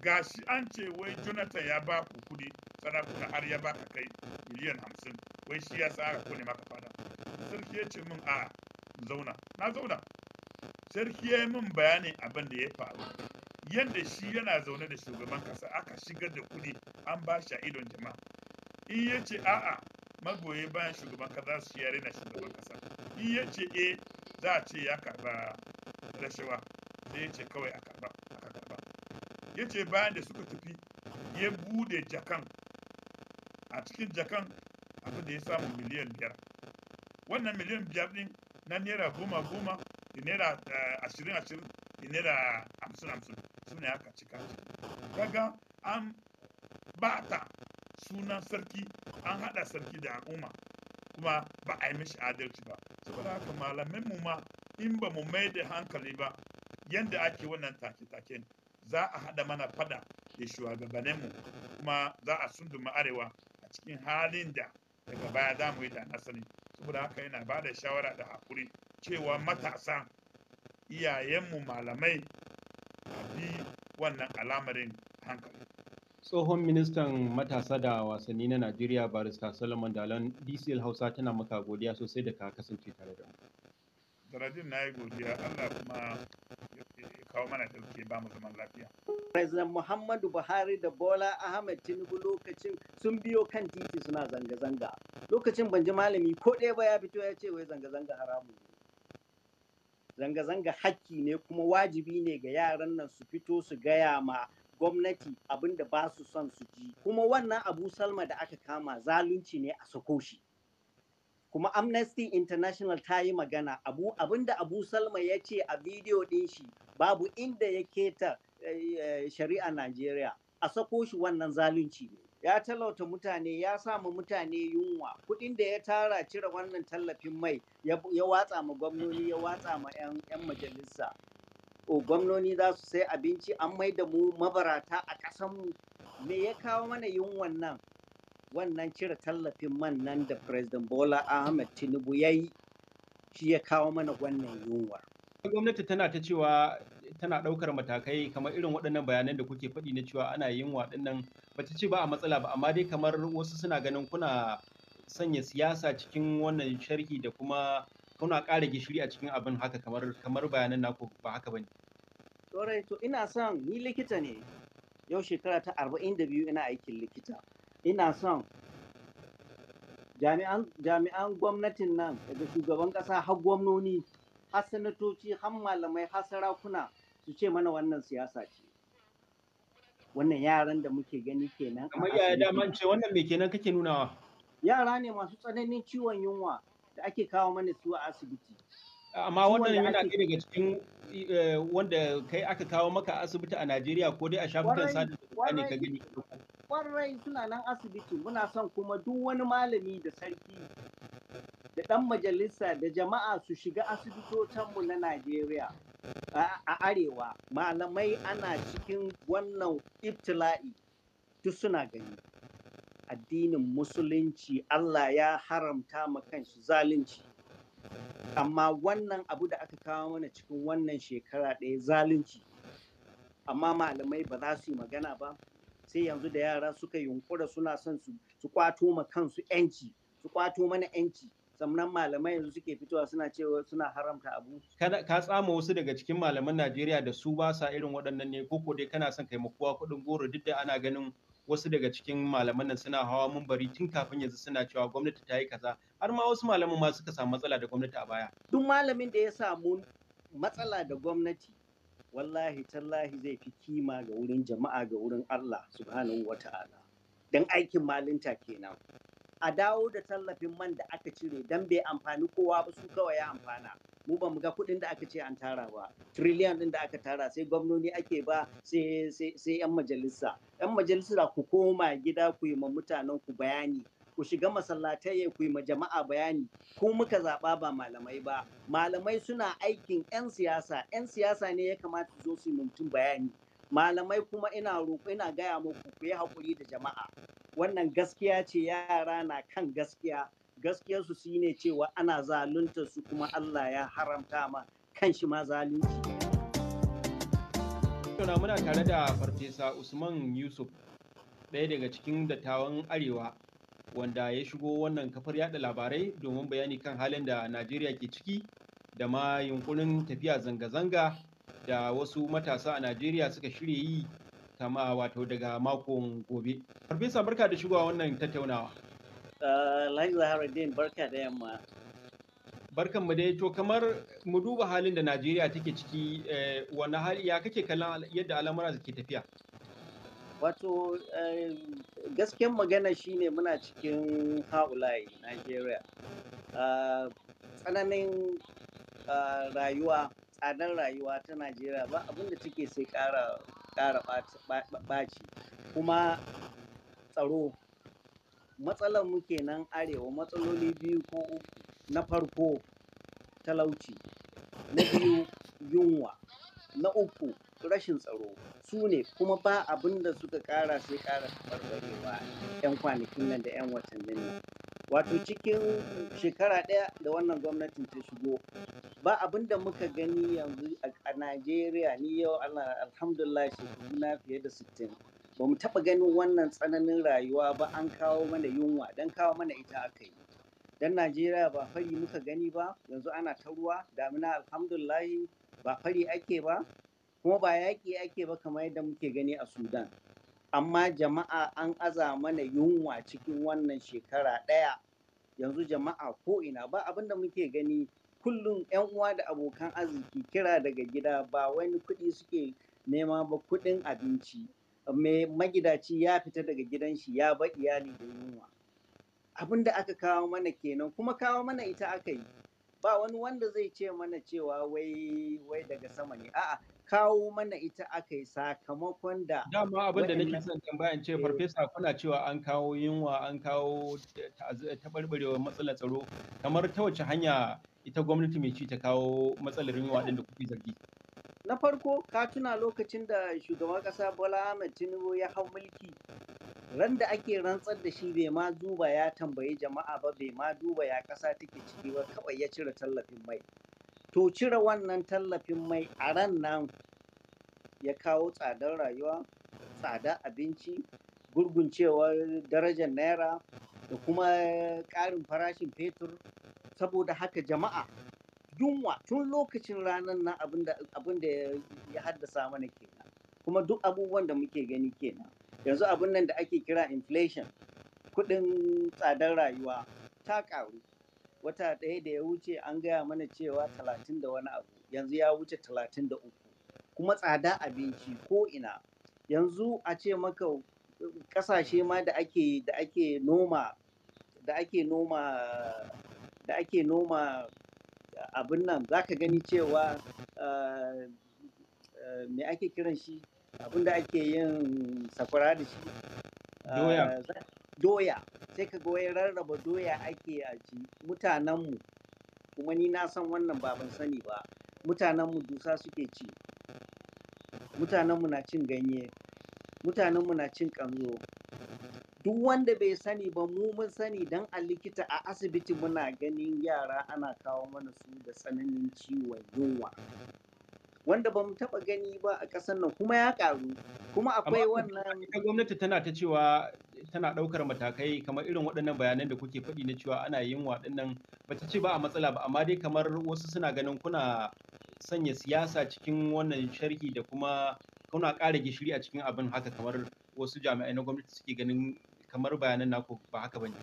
gashi an ce wai jonathan ya ba ku kuɗi sarakuna har ya baka kai miliyan hamsin wai shi ya tsara ko ne maka fada sarki ya ce min a zauna na zauna sarki ya yi min bayanin abin da ya faru yadda shi yana zaune da shugaban kasa aka shigar da kuɗi an ba shi a idon jama'a in ya ce a'a magoye bayan shugaban kasa su yare na shugaban kasa in ya ce e za a ce ya karba rashawa sai ya ce kawai a karba aka karba ya ce bayan da suka tafi ya bude jakan a cikin jakan abin da ya samu miliyan biyar wannan miliyan biyar din na naira goma goma da naira eh, ashirin ashirin da naira hamsin hamsin sun ne aka cika kaga an ba ta sunan sarki an haɗa sarki da al'umma kuma ba a yi mishi adalci ba saboda haka malamin mu ma in ba mu mai da hankali ba yadda ake wannan take take za a haɗa mana fada da shugabanninmu kuma za a sunduma arewa a cikin halin da daga baya za mu yi da asali saboda haka yana ba da shawara da hakuri cewa matasa iyayenmu malamai a bi wannan alamarin hankali tsohon ministan matasa da wasanni na najeriya barista solomon dalan dcl hausa tana maka godiya sosai da ka kasance tare da mu na yi godiya allah kuma kawo mana ɗauke ba mu zaman lafiya. President Muhammadu Buhari da Bola Ahmed Tinubu lokacin sun biyo kan titi suna zanga-zanga. Lokacin ban ji malami ko ɗaya ba ya fito ya ce wai zanga-zanga haramu ne. Zanga-zanga hakki ne kuma wajibi ne ga yaran nan su fito su gaya ma gwamnati abin da ba su son su ji. Kuma wannan Abu Salma da aka kama zalunci ne a sako shi. kuma amnesty international ta yi magana abu abinda abu salma ya ce a bidiyo din shi babu inda ya keta eh, eh, shari'a najeriya a sako shi wannan zalunci ne ya talauta mutane ya samu mutane yunwa kudin da ya tara cire wannan tallafin mai ya watsa ma gwamnoni ya watsa ma 'yan majalisa gwamnoni za su sai abinci an mai da mu mabarata a ƙasanmu me ya kawo mana yunwan nan wannan cire tallafin man nan da President Bola Ahmed Tinubu ya yi shi ya kawo mana wannan yunwar. Gwamnati tana ta cewa tana ɗaukar matakai kamar irin waɗannan bayanan da kuke faɗi na cewa ana yin waɗannan bata ce ba a matsala ba amma dai kamar wasu suna ganin kuna sanya siyasa cikin wannan sharhi da kuma kuna ƙara gishiri a cikin abin haka kamar kamar bayanan naku ba haka bane. to ina son ni likita ne yau shekara ta biyu ina aikin likita. ina son jami'an gwamnatin nan daga shugaban kasa har gwamnoni har sanatoci har malamai har sarakuna su ce mana wannan siyasa ce wannan yaran da muke gani kenan kamar yaya daman ce wannan me kenan kake nunawa yara ne masu tsananin ciwon yunwa da ake kawo mana su a asibiti amma wannan yana ɗaya daga cikin eh, wanda kai aka kawo maka asibiti a Najeriya ko dai a shafukan sada ne ka gani kwarai suna nan asibiti muna son kuma duk wani malami da sarki da ɗan majalisa da jama'a su shiga asibitocinmu na Najeriya a arewa malamai ana cikin wannan iftila'i, duk suna gani addinin musulunci Allah ya haramta ma kanshi zalunci amma wannan abu da aka kawo mana cikin wannan shekara ɗaya zalunci amma malamai ba za su yi magana ba sai yanzu da yara suka yunkura suna son su kwato ma kansu yanci su kwato mana yanci sannan malamai yanzu suke fitowa suna cewa suna haramta abu ka tsama wasu daga cikin malaman Najeriya da su ba sa irin waɗannan ne ko dai kana son kai makuwa kuɗin goro duk da ana ganin wasu daga cikin malaman nan suna hawa mumbari tun kafin yanzu suna cewa gwamnati ta yi kaza har ma wasu malaman ma suka samu matsala da gwamnati a baya duk malamin da ya samu matsala da gwamnati wallahi tallahi zai fi kima ga wurin jama'a ga wurin Allah subhanahu wa ta'ala. don aikin malinta kenan a dawo da tallafin man da aka cire don bai amfani kowa ba su kawai ya amfana mu ba mu ga kuɗin da aka ce an tara ba trillion din da aka tara sai gwamnoni ake ba sai yan majalisa yan majalisa ku koma gida ku yi ma mutanen ku bayani ku shiga masallatai ku yi ma jama'a bayani ku muka zaɓa ba malamai ba malamai suna aikin 'yan siyasa 'yan siyasa ne ya kamata zo su yi mutum bayani malamai kuma ina roƙo ina gaya muku ku yi haƙuri da jama'a wannan gaskiya ce yara na kan gaskiya gaskiyarsu shine cewa ana zalunta su kuma Allah ya haramta ma kan shi ma zalunci. Muna tare da Farfesa Usman Yusuf ɗaya daga cikin dattawan Arewa wanda ya shigo wannan kafar yada labarai domin bayani kan halin da Najeriya ke ciki da ma yunkurin tafiya zanga-zanga da wasu matasa a Najeriya suka shirya yi kama wato daga makon gobe. Farfesa barka da shigowa wannan tattaunawa. Ah, Alhaji Zaharuddin barka da yamma. Barkan mu dai to kamar mu duba halin da Najeriya take ciki eh, wani hali ya kake kallon yadda al'amura ke tafiya. Wato eh, gasken magana shine muna cikin haulaye Najeriya. Ah, tsananin ah, rayuwa, tsadar rayuwa ta Najeriya ba abinda take sai ƙara ɓaci. Kuma tsaro, matsalar mu nan arewa matsaloli biyu ko uku. Na farko talauci, na biyu yunwa, na uku rashin tsaro su ne kuma ba abin da suka kara sai ƙara barbarewa 'yan kwanakin nan da 'yan watannin nan wato cikin shekara ɗaya da wannan gwamnatin ta shigo ba abin da muka gani yanzu a najeriya ni yau alhamdulillah shekaru na fiye da sittin. ba mu taɓa ganin wannan tsananin rayuwa ba an kawo mana yunwa don kawo mana ita aka yi don najeriya ba fari muka gani ba yanzu ana ta ruwa damina alhamdulillah ba fari ake ba kuma ba yaƙi ake ba kamar yadda muke gani a sudan amma jama'a an aza mana yunwa cikin wannan shekara ɗaya yanzu jama'a ko ina ba abin da muke gani kullum 'yan uwa da abokan arziki kira daga gida ba wani kuɗi suke nema ba kuɗin abinci mai magidaci ya fita daga gidan shi ya ba iyali da yunwa abin da aka kawo mana kenan kuma kawo mana ita aka yi ba wani wanda zai ce mana cewa wai wai daga sama ne a'a kawo mana ita aka yi sakamakon da dama abin da nake son tambayan ce eh. farfesa kuna cewa an kawo yunwa an kawo taɓarɓarewar matsalar tsaro kamar ta wace hanya ita gwamnati mai ci ta kawo matsalar yunwa ɗin da kuke zargi na farko ka tuna lokacin da shugaban ƙasa bola ahmed tinubu ya hau mulki ran da ake rantsar da shi bai ma duba ya tambayi jama'a ba bai ma duba ya ƙasa take ciki ba kawai ya cire tallafin mai to cire wannan tallafin mai a ran nan ya kawo tsadar rayuwa tsada abinci gurguncewar darajar naira da kuma ƙarin farashin fetur saboda haka jama'a yunwa tun lokacin ranar nan abin da ya haddasa mana kenan kuma duk abubuwan da muke gani kenan yanzu abin nan da ake kira inflation kuɗin tsadar rayuwa ta ƙaru wata ɗaya da ya wuce an gaya mana cewa talatin da wani abu yanzu ya wuce talatin da uku kuma tsada abinci ko ina yanzu a ce maka ƙasashe ma da ake noma da ake noma da ake noma abin nan za ka gani cewa eh, eh, me ake kiran shi abin da ake yin sakwara da shi ah, doya doya sai ka ga rarraba doya ake a ji mutanenmu kuma ni na san wannan ba ban sani ba mutanenmu dusa suke ci mutanenmu na cin ganye mutanenmu na cin kanzo duk wanda bai sani ba mu mun sani dan a likita a asibiti muna ganin yara ana kawo mana su da tsananin ciwon yunwa wanda ba mu taɓa gani ba a ƙasar nan kuma ya ƙaru kuma akwai wannan gwamnati tana ta cewa tana ɗaukar matakai kamar irin waɗannan bayanan da kuke faɗi na cewa ana yin waɗannan ba ta ce ba a matsala ba amma dai kamar wasu suna ganin kuna sanya siyasa cikin wannan sharhi da kuma kuna ƙara gishiri a cikin abin haka kamar wasu jami'ai na gwamnati suke ganin kamar bayanan naku ba haka bane.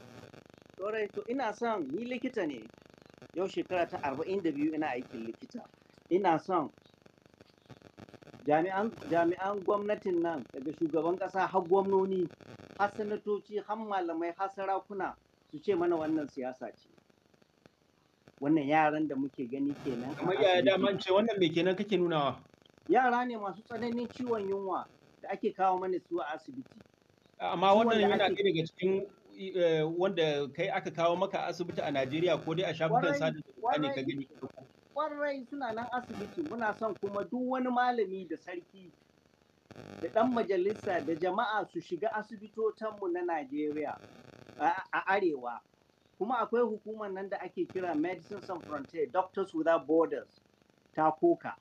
Dorai to ina son ni likita ne yau shekara ta arba'in da biyu ina aikin likita. Ina son jami'an gwamnatin nan daga shugaban ƙasa har gwamnoni har sanatoci har malamai har sarakuna su ce mana wannan siyasa ce wannan yaran da muke gani kenan kamar yaya daman ce wannan me kenan kake nunawa yara ne masu tsananin ciwon yunwa da ake kawo mana su a asibiti amma wannan yana ɗaya daga cikin eh, wanda kai aka kawo maka asibiti a Najeriya ko dai a shafukan sada ne ka gani kwarai suna nan asibiti muna son kuma duk wani malami da sarki da ɗan majalisa da jama'a su shiga asibitotanmu na Najeriya a arewa. Kuma akwai hukumar nan da ake kira Medicine Sans Frontier, Doctors Without Borders, ta koka.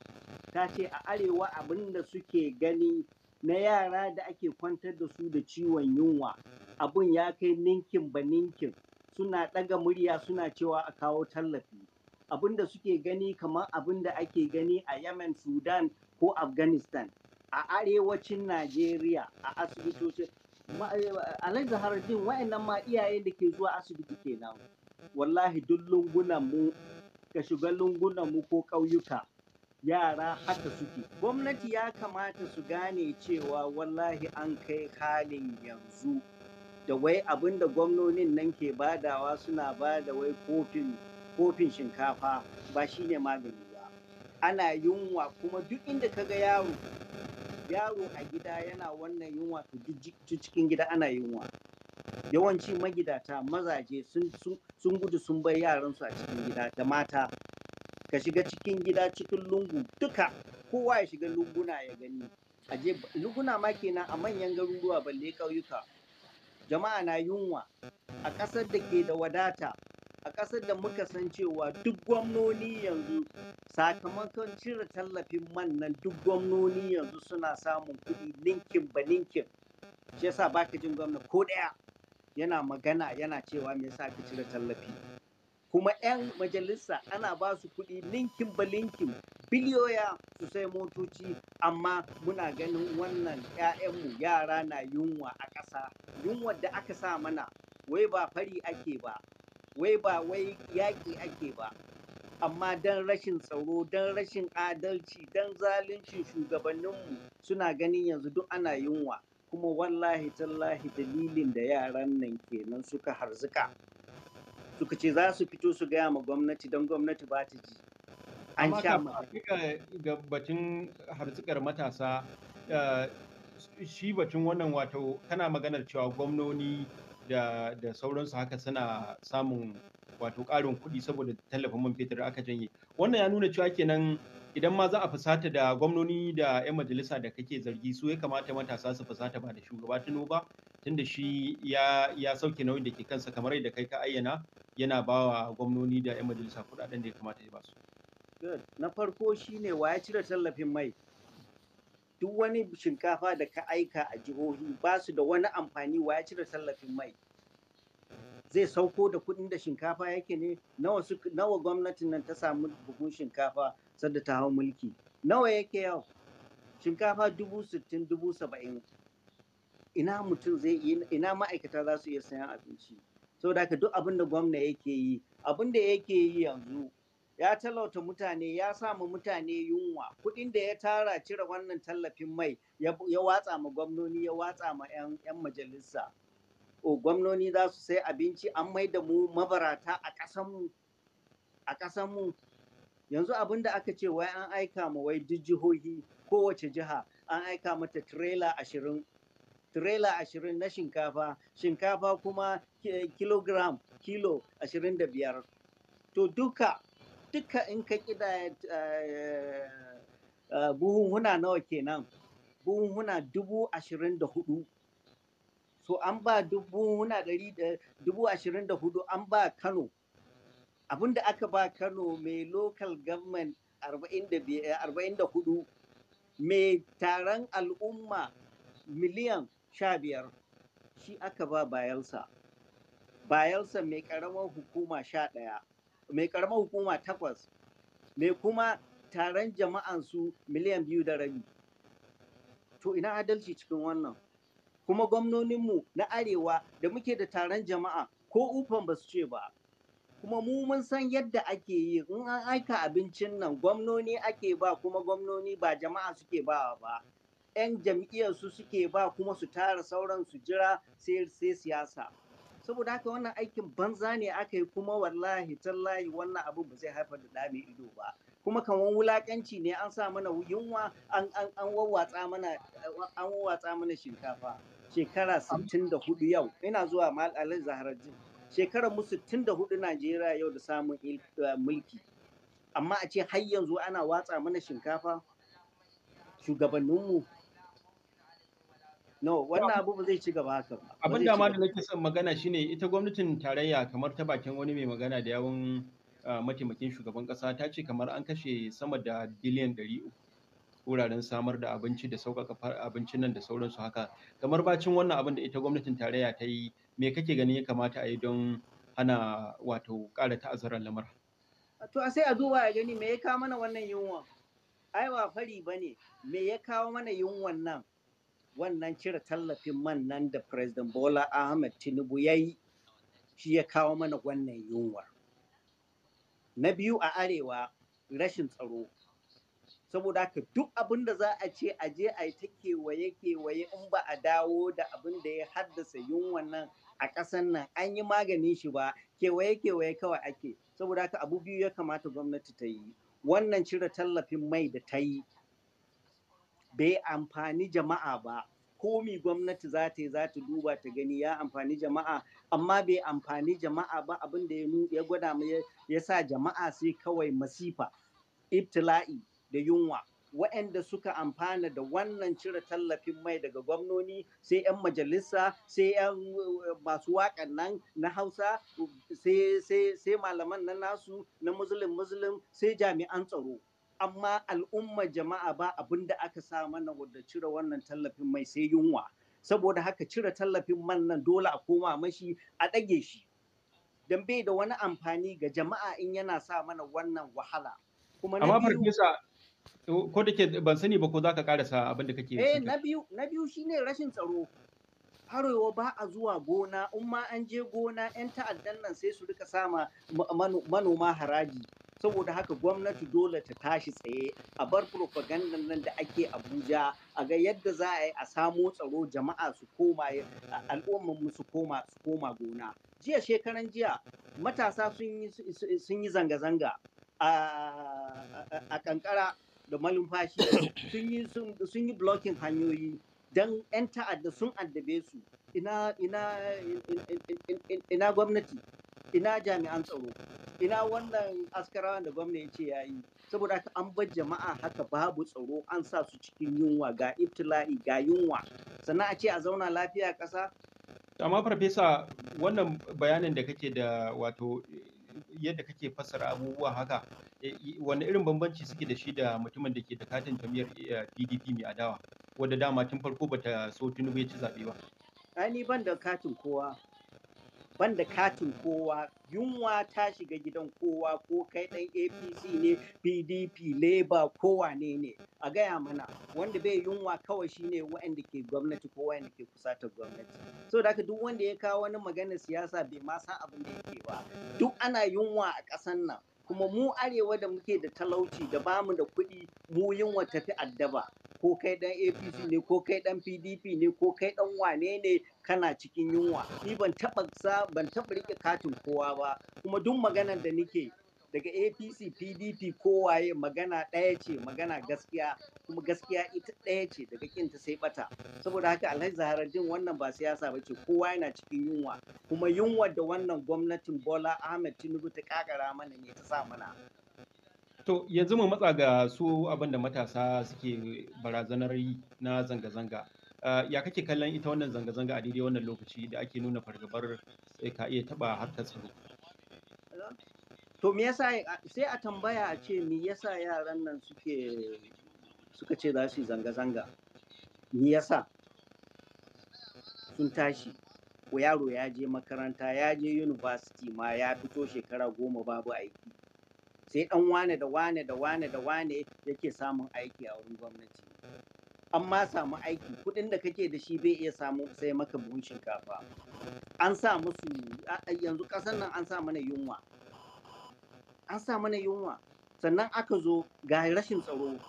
Ta ce a arewa abinda suke gani na yara da ake kwantar da su da ciwon yunwa, abin ya kai ninkin ba ninkin suna ɗaga murya suna cewa a kawo tallafi. Abin da suke gani kamar da ake gani a Yemen, Sudan ko Afghanistan. A arewacin Najeriya a asibitoci. Eh, Alhaji Harajin wa'annan ma iyaye da ke zuwa asibiti kenan. Wallahi duk lungunan mu ka shiga lungunan mu ko ƙauyuka. yara haka suke. Gwamnati ya kamata su gane cewa wallahi an kai halin yanzu da wai abin da gwamnonin nan ke badawa suna bada wai kofin kofin shinkafa ba shi ne magani ba ana yunwa kuma duk inda ka ga yaro yaro a gida yana wannan yunwa to duk cikin gida ana yunwa yawanci magidata mazaje sun gudu sun bar yaransu a cikin gida da mata ka shiga cikin gida cikin lungu duka kowa ya shiga lunguna ya gani aje lunguna ma kenan a manyan garuruwa balle ƙauyuka jama'a na yunwa a ƙasar da ke da wadata a ƙasar da muka san cewa duk gwamnoni yanzu sakamakon cire tallafin man nan duk gwamnoni yanzu suna samun kuɗi ninkin ba ninkin shi yasa baka jin gwamna ko ɗaya yana magana yana cewa me yasa ka cire tallafi kuma 'yan majalisa ana ba su kuɗi ninkin ba ninkin biliyoya su sai motoci amma muna ganin wannan 'ya'yanmu yara na yunwa a ƙasa yunwar da aka sa mana wai ba fari ake ba wai ba wai yaƙi ake ba amma don rashin tsaro don rashin adalci don zalunci shugabanninmu suna ganin yanzu duk ana yunwa kuma wallahi tallahi dalilin da yaran nan kenan suka harzuka suka ce za su fito su gaya ma gwamnati don gwamnati ba ta ji an sha ga batun harzikar matasa eh, shi batun wannan wato kana maganar cewa gwamnoni da, da sauransu haka suna samun wato ƙarin kuɗi saboda tallafin man fetur aka janye wannan ya nuna cewa kenan idan ma za a fusata da gwamnoni da 'yan majalisa da kake zargi su ya kamata matasa su fusata ba da shugaba tuno ba tunda shi ya, ya sauke nauyin da ke kansa kamar yadda kai ka ayyana yana ba wa gwamnoni da 'yan majalisa kuɗaɗen da ya kamata ya ba su. na farko shine wa ya cire tallafin mai duk wani shinkafa da ka aika a jihohi ba su da wani amfani wa ya cire tallafin mai zai sauko da kuɗin da shinkafa yake ne nawa gwamnatin nan ta samu bugun shinkafa sadda ta hau mulki nawa yake yau shinkafa dubu sittin dubu saba'in ina mutum zai ina ma'aikata za su iya sayan abinci saboda haka duk abin da gwamna yake yi abin da yake yi yanzu ya talauta mutane ya sa ma mutane yunwa kuɗin da ya tara cire wannan tallafin mai ya watsa ma gwamnoni ya watsa ma 'yan majalisa gwamnoni za su sai abinci an mai da mu mabarata a mu yanzu abin da aka ce wai an aika ma wai duk jihohi kowace jiha an aika mata tirela ashirin tirela ashirin na shinkafa shinkafa kuma kilogram kilo ashirin da biyar to duka duka in ka kida eh, eh, buhunhuna nawa kenan buhunhuna dubu ashirin da hudu so an ba eh, dubu ashirin da hudu an ba kano abinda aka ba kano mai local government arba'in da hudu mai taron al'umma miliyan sha biyar shi aka ba bayelsa bayelsa mai karamar hukuma sha ɗaya mai karamar hukuma takwas mai kuma taron jama'ansu miliyan biyu da rabi to ina adalci cikin wannan kuma gwamnoninmu na arewa da muke da taron jama'a ko ufan ba su ce ba kuma mu mun san yadda ake yi in an aika abincin nan gwamnoni ake ba kuma gwamnoni ba jama'a suke ba ba 'yan jam'iyyarsu suke ba kuma su tara sauran su jira sai siyasa saboda haka wannan aikin banza ne aka yi kuma wallahi tallahi wannan abu ba zai haifar da dami ido ba kuma kamar wulakanci ne an sa mana yunwa an an an wawwatsa mana an wawwatsa mana shinkafa shekara 64 yau ina zuwa mal alal shekara mu 64 Najeriya yau da samun eh, mulki amma a ce har yanzu ana watsa mana shinkafa shugabanninmu No, wannan abu ba zai ci gaba haka ba. Abin da ma da nake son magana shine ita gwamnatin tarayya kamar ta bakin wani mai magana da yawun ah, mataimakin shugaban kasa ta ce kamar an kashe sama da biliyan ɗari wuraren samar da abinci da sauƙaƙa abincin nan da sauransu haka. Kamar bacin wannan abin da ita gwamnatin tarayya ta yi me kake ganin ya kamata a yi don hana wato ƙara ta'azzaran lamar? To a sai a duba a gani me ya kawo mana wannan yunwa? Ai ba fari bane me ya kawo mana yunwan nan? wannan cire tallafin man nan da President Bola Ahmed Tinubu ya yi shi ya kawo mana wannan yunwa. Na biyu a arewa rashin tsaro. Saboda haka duk abin da za a ce a je a yi ta kewaye kewaye in ba a dawo da abin da ya haddasa yunwa nan a ƙasan nan an yi maganin shi ba kewaye kewaye kawai ake. Saboda haka abu biyu ya kamata gwamnati ta yi. Wannan cire tallafin mai da ta yi bai amfani jama'a ba komi gwamnati za ta yi za ta duba ta gani ya amfani jama'a amma bai amfani jama'a ba abin da ya gwada ya sa jama'a sai kawai masifa ibtila'i da yunwa waɗanda suka amfana da wannan cire tallafin mai daga gwamnoni sai 'yan majalisa sai 'yan eh, masu waƙan nan na hausa sai malaman na nasu na muslim muslim sai jami'an tsaro amma al'umma jama'a ba abin da aka sa mana wadda cire wannan tallafin mai sai yunwa saboda haka cire tallafin man nan dole a koma mashi a ɗage shi don bai da wani amfani ga jama'a in yana sa mana wannan wahala kuma amma biyu ko da ke ban sani ba ko za ka karasa abin da kake eh na biyu na biyu shine rashin tsaro harowa ba a zuwa gona in ma an je gona 'yan ta'addan nan sai su rika sama manoma haraji saboda haka gwamnati dole ta tashi tsaye a bar propaganda nan da ake abuja a ga yadda za a yi a samo tsaro jama'a su koma al'ummar su koma su koma gona jiya shekaran jiya matasa sun yi zanga-zanga a kankara da malumfashi sun yi blocking hanyoyi don 'yan ta'adda sun addabe su ina gwamnati ina jami'an tsaro ina wannan askarawa da gwamnati ce ya yi saboda haka an bar jama'a haka babu tsaro an sa su cikin yunwa ga iftila'i ga yunwa sannan a ce a zauna lafiya ƙasa amma farfesa wannan bayanin da kake da wato yadda kake fassara abubuwa haka eh, wani irin bambanci suke da shi da mutumin da ke da katin jam'iyyar pdp eh, mai adawa wadda dama tun farko bata so tinubu ya ci zaɓe ba ai ni ban da katin kowa banda katin kowa yunwa ta shiga gidan kowa ko kai ɗan apc ne pdp labour kowa ne ne a gaya mana wanda bai yunwa kawai shine wa'anda ke gwamnati ko wa'anda ke kusata gwamnati so da haka duk wanda ya kawo wani maganar siyasa bai ma san abin da yake ba duk ana yunwa a ƙasar nan kuma mu arewa da muke da talauci da bamu da kuɗi mu yunwa tafi addaba ko kai ɗan apc ne ko kai ɗan pdp ne ko kai ɗan wane ne kana cikin yunwa ni ban taɓa sa ban taɓa rike katin kowa ba kuma duk maganar da nike daga apc pdp kowaye magana ɗaya ce magana gaskiya kuma gaskiya ita ɗaya ce daga kinta sai bata saboda haka alhaji jin wannan ba siyasa ba ce kowa yana cikin yunwa kuma yunwa da wannan gwamnatin bola ahmed tinubu ta kakara mana ne ta sa mana To yanzu mu matsa ga su abin da matasa suke barazanar yi na zanga-zanga. Eh, ya kake kallon ita wannan zanga-zanga a daidai wannan lokaci da ake nuna fargabar eh, ka iya taba harkar tsaro? to me yasa sai a tambaya a ce me yasa yaran nan suke suka ce za su zanga-zanga me yasa sun tashi ko yaro ya je makaranta ya je university ma ya fito shekara goma babu aiki sai dan wane da wane da wane da wane yake samun aiki a wurin gwamnati an ma samu aiki kudin da kake da shi bai iya samu sai maka buhun shinkafa an sa musu yanzu kasan nan an sa mana yunwa an sa mana yunwa sannan aka zo ga rashin tsaro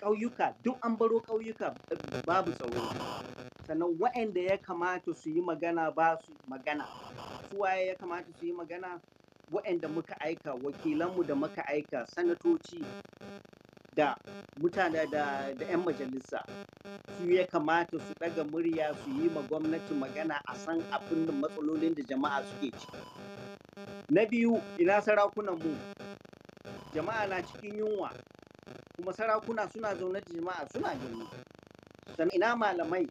ƙauyuka duk an baro ƙauyuka babu tsaro sannan waɗanda ya kamata su yi magana ba su magana suwaye ya kamata su yi magana waɗanda muka aika wakilanmu da muka aika sanatoci da mutane da 'yan majalisa su ya kamata su ɗaga murya su yi ma gwamnati magana a san abin matsalolin da jama'a suke ciki Na biyu, ina mu? Jama'a na cikin yunwa, kuma sarakuna suna zaune da jama'a suna gani. Sannan ina malamai?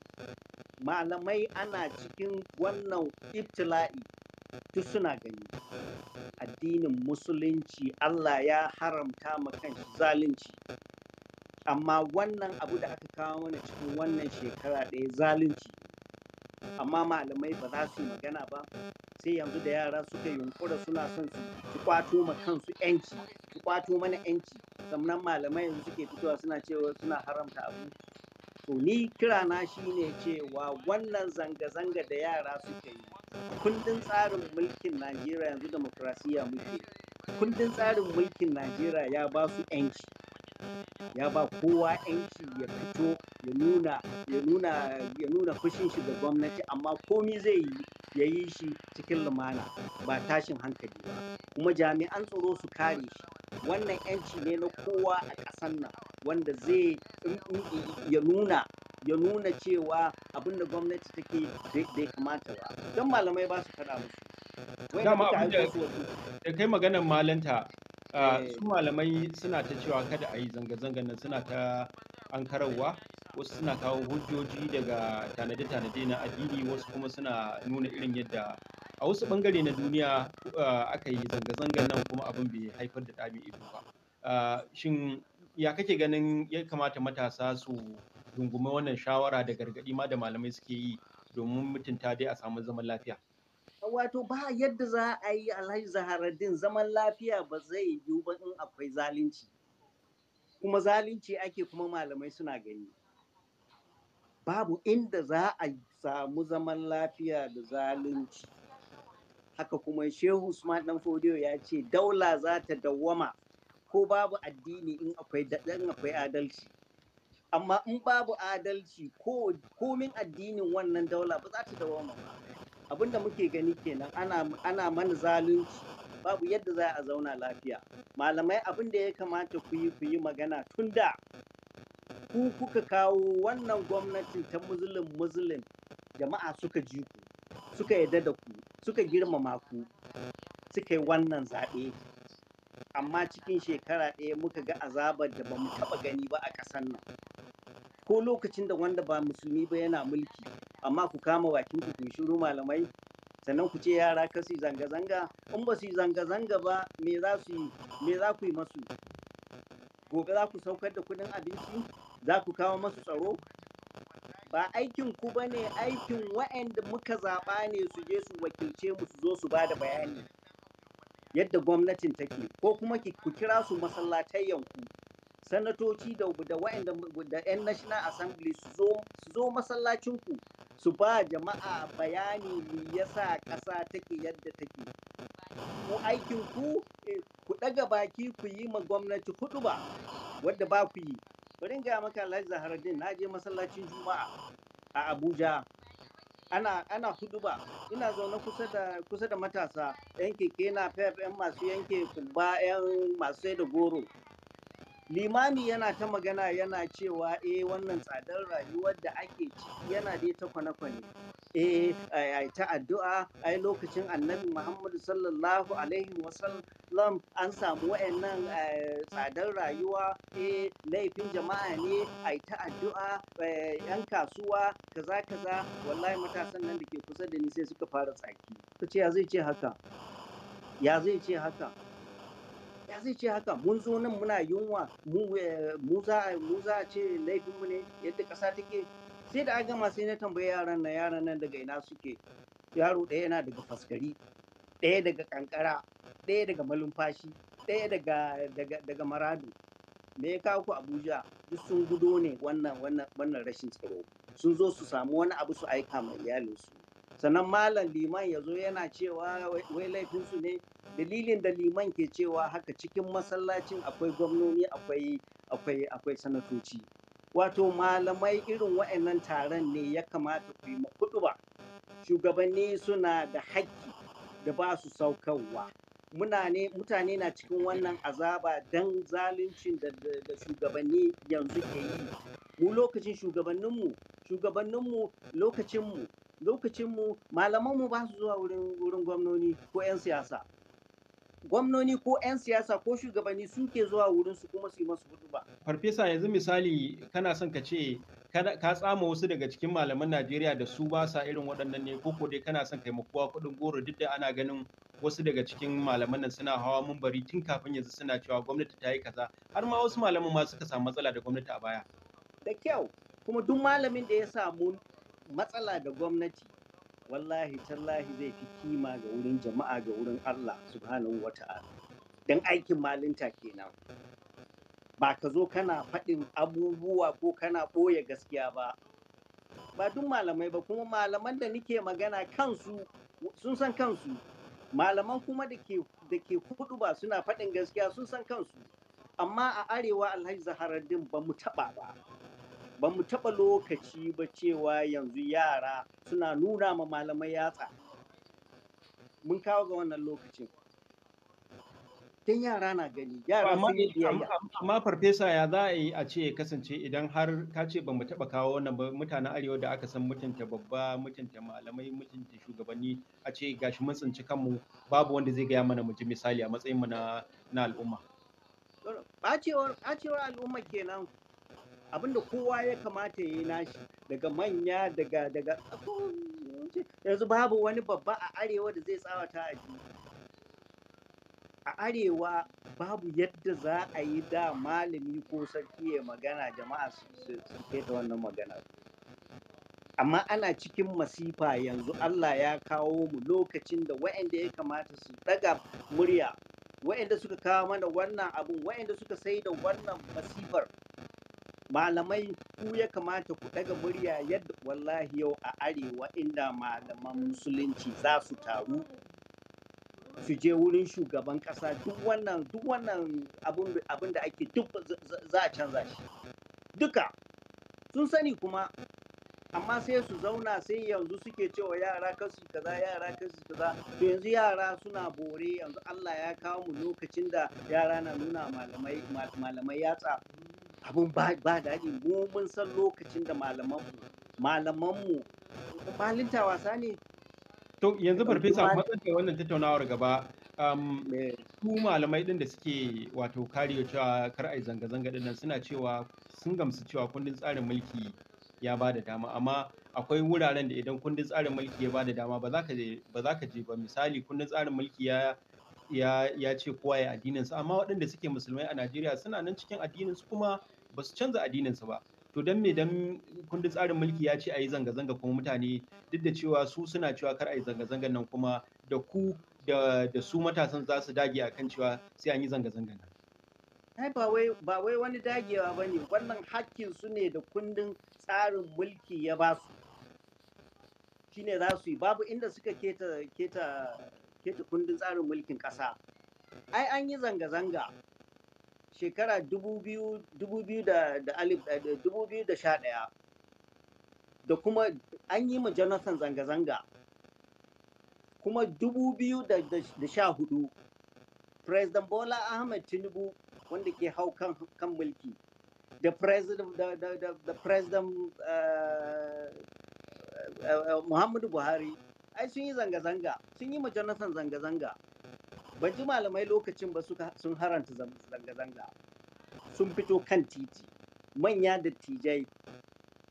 Malamai ana cikin wannan ibtila'i duk suna gani. Addinin Musulunci Allah ya haramta ma kanshi zalunci. Amma wannan abu da aka kawo mana cikin wannan shekara ɗaya zalunci. Amma malamai ba za su yi magana ba, sai yanzu da yara suka yunkura suna son su kwato ma kansu yanci su kwato mana yanci sannan malamai yanzu suke fitowa suna cewa suna haramta abu to ni kira na shine cewa wannan zanga-zanga da yara suka yi kundin tsarin mulkin najeriya yanzu demokrasiya muke kundin tsarin mulkin najeriya ya ba su yanci ya ba kowa yanci ya fito ya nuna fushin shi ga gwamnati amma komi zai yi ya yi shi cikin lumana ba tashin hankali ba kuma jami'an tsaro su kare shi wannan yanci ne na kowa a ƙasan nan wanda zai ya nuna ya nuna cewa abin da gwamnati take da ya kamata ba don malamai ba su faɗa musu da kai maganar malanta ah, eh. su malamai suna ta cewa kada a yi zanga-zanga nan suna ta ankararwa wasu suna kawo hujjoji daga tanade-tanade na addini wasu kuma suna nuna irin yadda a wasu bangare na duniya uh, aka yi zanga-zangar nan kuma abin bai haifar da ɗami ido ba uh, shin ya kake ganin ya kamata matasa su rungumi wannan shawara da gargaɗi ma da malamai suke yi domin mutunta dai a samu zaman lafiya wato ba yadda za a yi alhaji zaharaddin zaman lafiya ba zai yiwu ba in akwai zalunci kuma zalunci ake kuma malamai suna gani babu inda za a samu zaman lafiya da zalunci haka kuma shehu usman dan fodiyo ya ce daula za ta dawwama ko babu addini in akwai adalci amma in babu adalci ko komin addinin wannan daula ba za ta dawwama ba abinda muke gani kenan ana ana mana zalunci babu yadda za a zauna lafiya malamai abinda ya kamata ku yi ku yi magana tun da ku kuka kawo wannan gwamnati ta muslim muslim jama'a suka ji ku suka yarda da ku suka girmama ku suka yi wannan zaɓe amma cikin shekara ɗaya muka ga azabar da ba mu taɓa gani ba a ƙasar nan ko lokacin da wanda ba musulmi ba yana mulki amma ku kama bakin ku shiru malamai sannan ku ce yara ka su zanga-zanga in ba su yi zanga-zanga ba me za su yi me za ku yi masu gobe za ku saukar da kudin abinci za ku kawo masu tsaro ba aikin ku ba ne aikin wa'anda muka zaɓa ne su je su wakilce mu su zo su ba da bayani yadda gwamnatin take ko kuma ku kira su masallatayyanku sanatoci da wa'anda da 'yan national assembly su zo masallacinku su ba jama'a bayani me yasa ƙasa take yadda take ku aikin ku eh, ku ɗaga baki ku yi ma gwamnati hudu ba wadda ba ku yi bari gaya maka Alhaji Zaharuddin na je masallacin Juma'a a Abuja ana ana huduba ina zaune kusa da kusa da matasa yan keke na fef yan masu yanke kumba yan masu sai da goro limami yana ta magana yana cewa e wannan tsadar rayuwar da ake ciki yana dai ta kwane-kwane eh ai ta addu'a ai lokacin annabi muhammadu sallallahu alaihi wasallam an samu wayannan eh, tsadar rayuwa e laifin jama'a ne ai ta addu'a yan kasuwa kaza kaza wallahi matasan nan da ke kusa da ni sai suka fara tsaki ta ce ya zai ce haka ya zai ce haka ya zai ce haka mun zo nan muna yunwa eh, mu za a ce laifinmu ne yadda ƙasa take sai da aka gama sai na tambayi yaran na yaran nan daga ina suke yaro ɗaya yana daga faskari ɗaya daga kankara ɗaya daga malumfashi ɗaya daga maradu me ya kawo ku abuja duk sun gudo ne wannan rashin tsaro sun zo su samu wani abu su aika ma iyalinsu sannan malam liman ya zo yana cewa wai laifinsu ne dalilin da liman ke cewa haka cikin masallacin akwai gwamnoni akwai akwai akwai sanatoci wato malamai irin wa'annan taron ne ya kamata ku yi ba shugabanni suna da haƙƙi da ba su saukarwa mutane mutane na cikin wannan azaba dan zaluncin da, da, shugabanni yanzu ke yi mu lokacin shugabanninmu shugabanninmu lokacinmu lokacinmu malamanmu ba su zuwa wurin gwamnoni ko 'yan siyasa gwamnoni ko 'yan siyasa ko shugabanni suke zuwa wurin su kuma su yi masu hudu ba. Farfesa yanzu misali kana son ka ce ka tsama wasu daga cikin malaman Najeriya da su ba sa irin waɗannan ne ko dai kana son kai makuwa kuɗin goro duk da ana ganin wasu daga cikin malaman nan suna hawa mumbari tun kafin yanzu suna cewa gwamnati ta yi kaza har ma wasu malaman ma suka samu matsala da gwamnati a baya. Da kyau kuma duk malamin da ya samu matsala da gwamnati wallahi tallahi zai fi kima ga wurin jama'a ga wurin Allah subhanahu wa ta'ala don aikin malinta kenan ba ka zo kana faɗin abubuwa ko kana ɓoye gaskiya ba ba duk malamai ba kuma malaman da nike magana kansu sun san kansu malaman kuma da ke kudu ba suna faɗin gaskiya sun san kansu amma a arewa alhaji zaharaddin ba mu taɓa ba ba mu taɓa lokaci ba cewa yanzu yara suna nuna ma malamai yatsa mun kawo ga wannan lokacin tun yara na gani yara sun yi biyayya amma farfesa ya za a yi a ce kasance idan har ka ce ba mu taɓa kawo wannan ba mutanen arewa da aka san mutunta babba mutunta malamai mutunta shugabanni a ce gashi mun tsinci kanmu babu wanda zai gaya mana mu ji misali a matsayin mu na al'umma ɓacewar al'umma kenan abinda kowa ya kamata ya yi nashi daga manya daga daga yanzu babu wani babba a arewa da zai tsawata a ji a arewa babu yadda za a yi da malami ko sarki ya magana jama'a su da wannan maganar amma ana cikin masifa yanzu Allah ya kawo mu lokacin da waɗanda ya kamata su daga murya waɗanda suka kawo mana wannan abu, waɗanda suka sai da wannan masifar malamai ku ya kamata ku daga murya yadda wallahi yau a arewa inda malaman musulunci za su taru su je wurin shugaban kasa duk wannan duk wannan abin da ake duk za a canza shi duka sun sani kuma amma sai su zauna sai yanzu suke cewa yara kasu kaza yara kasu kaza to yanzu yara suna bore yanzu Allah ya kawo mu lokacin da yara na nuna malamai malamai yatsa abun ba daɗi mu mun san lokacin da malamanmu malamanmu malinta wasa ne to yanzu farfesa matsantar wannan tattaunawar gaba um, su malamai din da suke wato kariyo cewa kar ai zanga-zanga nan suna cewa sun gamsu cewa kundin tsarin mulki ya ba da dama amma akwai wuraren da idan kundin tsarin mulki ya ba da dama ba za ka je ba misali kundin tsarin mulki ya ya, ce kowa ya addininsa amma waɗanda suke musulmai a najeriya suna nan cikin addininsu kuma ba su canza addininsu ba to dan me dan kundin tsarin mulki ya ce a yi zanga-zanga kuma mutane duk da cewa su suna cewa kar a yi zanga-zangan nan kuma da ku da su matasan za su dage a kan cewa sai an yi zanga-zangan nan ai ba wai wani dagewa bane wannan hakkin su ne da kundin tsarin mulki ya ba su ne za su yi babu inda suka keta keta keta kundin tsarin mulkin ƙasa ai an yi zanga-zanga shekara 2011 eh, da kuma an yi ma jonathan zanga-zanga kuma 2014 president bola ahmed tinubu wanda ke hau kan mulki da president president uh, uh, muhammadu buhari ai sun yi zanga-zanga sun yi ma jonathan zanga-zanga ban ji malamai lokacin ba sun haranta zanga-zanga sun fito kan titi manya da tijai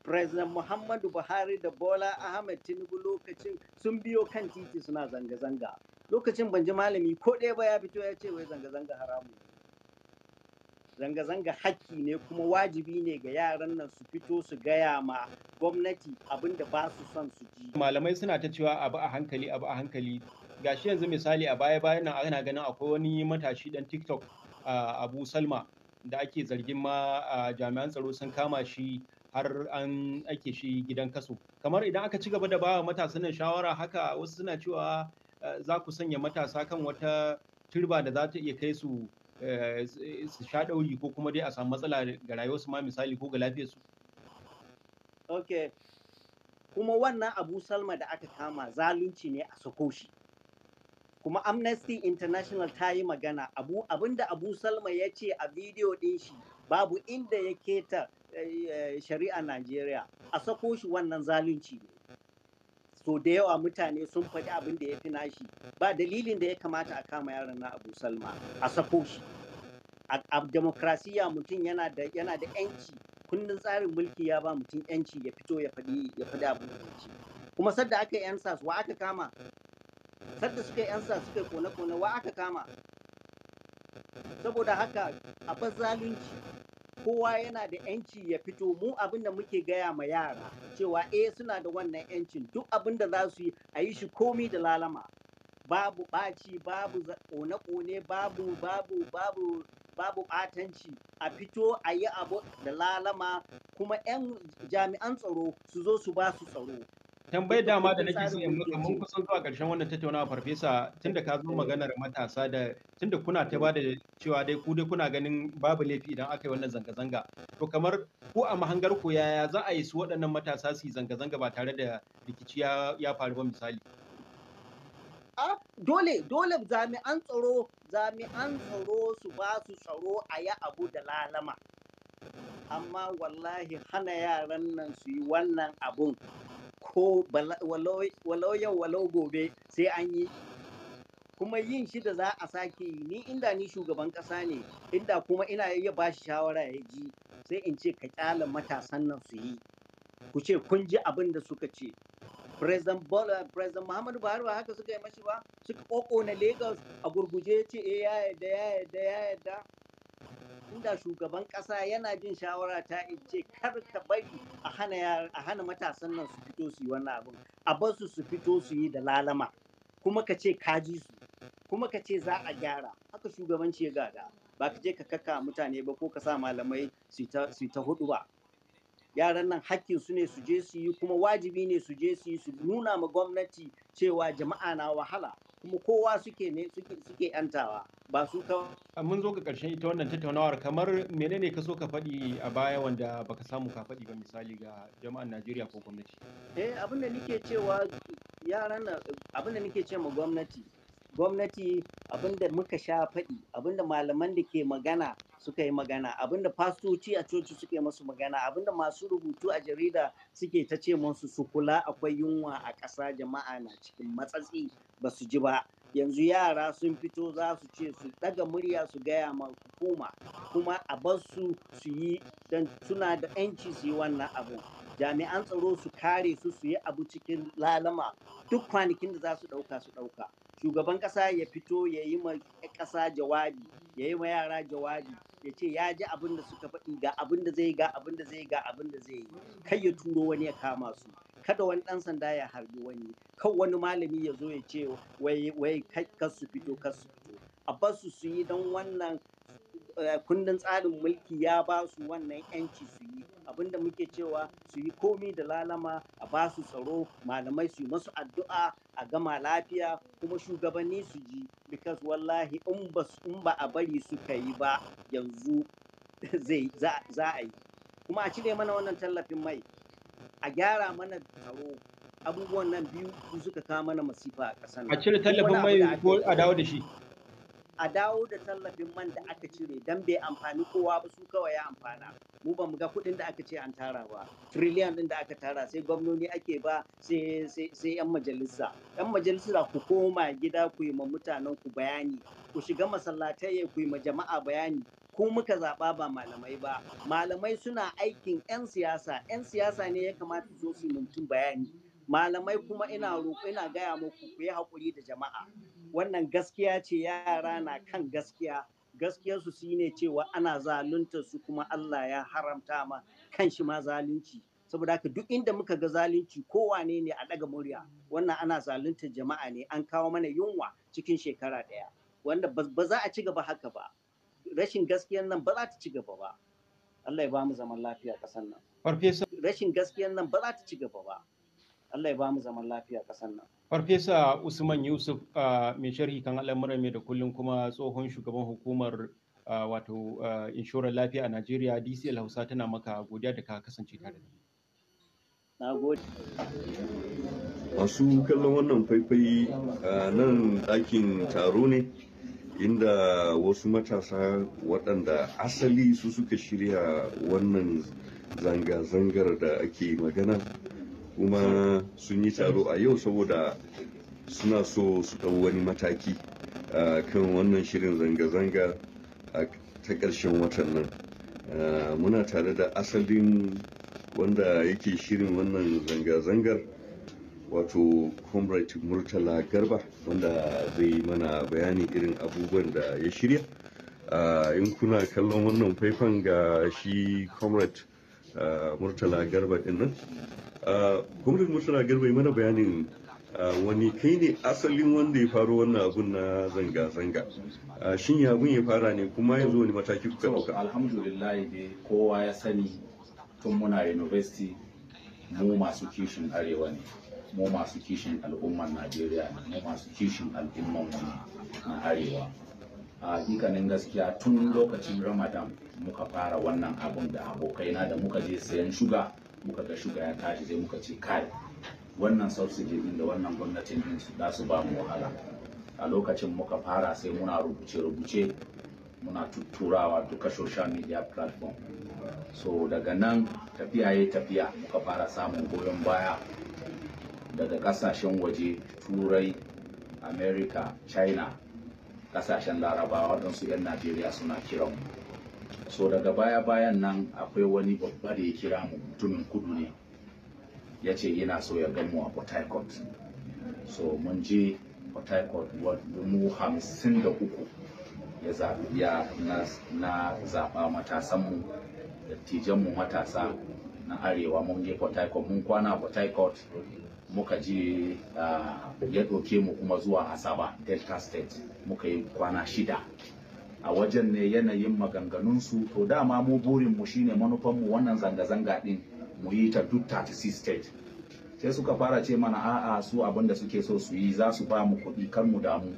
president muhammadu buhari da bola ahmed tinubu lokacin sun biyo kan titi suna zanga-zanga lokacin ban ji malami ko ɗaya ba ya fito ya ce wai zanga-zanga haramu zanga-zanga haƙƙi ne kuma wajibi ne ga yaran nan su fito su gaya ma gwamnati abinda da ba su son su ji malamai suna ta cewa abu a hankali abu a hankali Ga shi yanzu misali a baya bayan nan ana ganin akwai wani matashi dan tiktok abu salma da ake zargin ma jami'an tsaro sun kama shi har an ake shi gidan kaso kamar idan aka ci gaba da ba matasan nan shawara haka wasu suna cewa za ku sanya matasa kan wata turba da za ta iya kai su su sha ɗauri ko kuma dai a samu matsala ga rayuwarsu ma misali ko ga lafiyarsu. Ok, kuma wannan abu salma da aka kama zalunci ne a sako shi. kuma amnesty international ta yi magana abu abinda abu salma ya ce a bidiyo din shi babu inda ya keta eh, eh, shari'a najeriya a sako shi wannan zalunci ne so da yawa mutane sun faɗi abin da ya fi nashi ba dalilin da ya kamata a kama yaron na abu salma a sako shi a demokrasiya mutum yana da yana da yanci kundin tsarin mulki ya ba mutum yanci ya fito ya faɗi ya abin da ya ce kuma sadda aka yi wa aka kama sadda suka yi ansa suka yi kone-kone wa aka kama saboda haka a zalunci kowa yana da yanci ya fito mu abin da muke gaya ma yara cewa eh suna da wannan yancin duk abin da za su yi a yi shi komi da lalama babu ɓaci babu kone-kone babu babu babu babu ɓatanci a fito a yi abu da lalama kuma 'yan jami'an tsaro su zo su ba su tsaro tambayar dama da nake so in mun kusan zuwa ƙarshen wannan tattaunawa farfesa tunda ka zo eh. maganar matasa da tunda kuna ta bada cewa dai ku dai kuna ganin babu laifi idan aka yi wannan zanga-zanga to kamar ku a mahangar ku yaya za a yi su waɗannan matasa su yi zanga-zanga ba tare da rikici ya faru ba misali a dole dole jami'an tsaro jami'an tsaro su ba su tsaro a yi abu da lalama amma wallahi hana yaran nan su yi wannan abun ko walau yau walau gobe sai an yi kuma yin shi da za a sake yi ni inda ni shugaban kasa ne inda kuma ina iya ba shi shawara ya ji sai in ce ka kyala matasan nan su yi ku ce kun ji abin da suka ce president bola president muhammadu buhari ba haka suka yi mashi ba suka koko na lagos a gurguje ya ce eh ya yarda ya yarda ya inda shugaban kasa yana jin shawara ta in ce kar ka bari a hana a hana matasan nan su fito su yi wannan abin a bar su su fito su yi da lalama kuma ka ce ka ji su kuma ka ce za a gyara haka shugabanci ya gada ba ka je ka kaka mutane ba ko ka sa malamai su ta hudu ba yaran nan hakkin su ne su je su yi kuma wajibi ne su je su yi su nuna ma gwamnati cewa jama'a na wahala kuma kowa suke ne suke yantawa ba su kawai. mun zo ga karshen ita wannan tattaunawar kamar menene ka so ka faɗi a baya wanda baka samu ka faɗi ba misali ga jama'an Najeriya ko gwamnati eh abin da cewa yaran abin da nake ce ma gwamnati gwamnati abinda muka sha faɗi abinda malaman da ke magana suka yi magana abinda fastoci a coci suka yi masu magana abinda masu rubutu a jarida suke ta ce musu su kula akwai yunwa a ƙasa jama'a na cikin matsatsi ba su ji ba yanzu yara sun fito za su ce su daga murya su gaya ma hukuma kuma a bar su su yi don suna da 'yanci su yi wannan abu jami'an tsaro su kare su su yi abu cikin lalama duk kwanakin da za su ɗauka su ɗauka shugaban ƙasa ya fito ya yi ma ƙasa jawabi ya yi ma yara jawabi ya ce ya ji abin da suka faɗi ga abin da zai ga abin da zai ga abin da zai yi kai ya turo wani ya kama su kada wani ɗan sanda ya harbi wani kan wani malami ya zo ya ce wai kai kar su fito kar su fito a basu su yi don wannan Eh, kundin tsarin mulki ya ba su wannan yanci su yi abinda muke cewa su yi komi da lalama a ba su tsaro malamai su yi masu addu'a a gama lafiya kuma shugabanni su ji because wallahi in ba a bari suka yi ba yanzu za a yi kuma a cire mana wannan tallafin mai a gyara mana tsaro abubuwan nan biyu su suka kawo mana masifa a ƙasar a cire tallafin mai ko a dawo da shi a dawo da tallafin man da aka cire don bai amfani kowa ba su kawai ya amfana mu ba mu ga kuɗin da aka ce an tara ba trillion din da aka tara sai gwamnoni ake ba sai yan majalisa yan majalisa ku koma gida ku yi ma mutanen ku bayani ku shiga masallatai ku yi ma jama'a bayani ku muka zaɓa ba malamai ba malamai suna aikin 'yan siyasa 'yan siyasa ne ya kamata su zo su mutum bayani malamai kuma ina roƙo ina gaya muku ku yi haƙuri da jama'a wannan gaskiya ce yara na kan gaskiya gaskiyarsu su ne cewa ana zalunta su kuma Allah ya haramta ma kan shi ma zalunci saboda haka duk inda muka ga zalunci kowa ne a daga murya wannan ana zalunta jama'a ne an kawo mana yunwa cikin shekara ɗaya wanda ba za a ci gaba haka ba rashin gaskiyar nan ba za ta ci gaba ba Allah ya ba mu zaman lafiya ƙasar nan rashin gaskiyar nan ba za ta ci gaba ba Allah ya ba mu zaman lafiya ƙasar nan. Farfesa Usman Yusuf mai sharhi kan al'amuran mai da kullum kuma tsohon shugaban hukumar wato inshorar lafiya a Najeriya DCL Hausa tana maka godiya da ka kasance tare da Masu kallon wannan faifai a nan ɗakin taro ne inda wasu matasa waɗanda asali su suka shirya wannan zanga-zangar da ake magana. kuma sun yi taro a yau saboda suna so su ɗau wani mataki kan wannan shirin zanga-zanga ta ƙarshen watan nan muna tare da asalin wanda yake shirin wannan zanga-zangar wato comrade murtala garba wanda zai mana bayani irin abubuwan da ya shirya in kuna kallon wannan faifan ga shi comrade murtala garba ɗin nan gwamnati murtala girbe mana bayanin wani kai ne asalin wanda ya faru wannan abun na zanga-zanga shin ya ya fara ne kuma yanzu wani mataki kuka dauka alhamdulillah dai kowa ya sani tun muna university mu masu kishin arewa ne mu masu kishin al'umman najeriya ne mu masu kishin al'umman na arewa a hikanin gaskiya tun lokacin ramadan muka fara wannan abun da abokaina da muka je sayan shuga muka ga shuga ya tashi sai muka ce kai wannan subsidy din da wannan gwamnatin din za su ba mu wahala a lokacin muka fara sai muna rubuce-rubuce muna tutturawa duka social media platform so daga nan tafiya ya tafiya muka fara samun goyon baya daga kasashen waje turai america china kasashen larabawa don su 'yan najeriya suna kiran so daga baya bayan nan akwai wani babba da ya kira mu mutumin kudu ne ya ce yana so ya gan mu a port harcourt so mun je port harcourt mu hamsin da uku ya zaɓi ya na zaɓa matasanmu dattijanmu matasa na arewa mun je port harcourt mun kwana a port harcourt muka je ah, ya ɗauke mu kuma zuwa asaba delta state muka yi kwana shida a wajen ne yanayin maganganunsu to dama mu burinmu shine mu wannan zanga-zanga din mu yi ta duk 36 state sai suka fara ce mana a'a su abinda suke so su yi za su ba mu kuɗi kan mu damu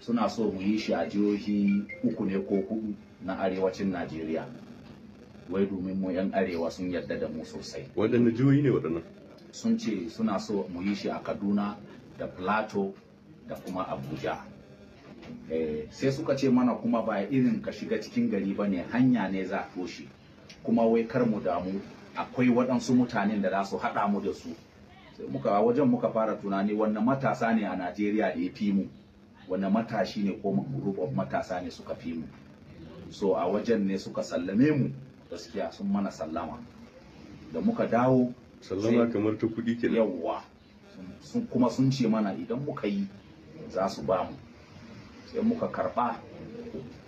suna so mu yi shi a jihohi uku ne ko hudu na arewacin najeriya wai domin mu yan arewa sun yarda da mu sosai waɗanne jihohi ne waɗannan sun ce suna so mu yi shi a kaduna da plateau da kuma abuja Eh, sai suka ce mana kuma ba irin ka shiga cikin gari ba ne hanya ne za a toshe kuma wai kar mu damu akwai waɗansu mutanen da za su haɗa mu da su sai muka wajen muka fara tunani wannan matasa ne a najeriya da ya fi mu wannan matashi ne ko rubar matasa ne suka fi mu so a wajen ne suka sallame mu gaskiya sun mana sallama da muka dawo sallama kamar ta kuɗi kenan yawwa kuma sun ce mana idan muka yi za su ba mu sai muka karɓa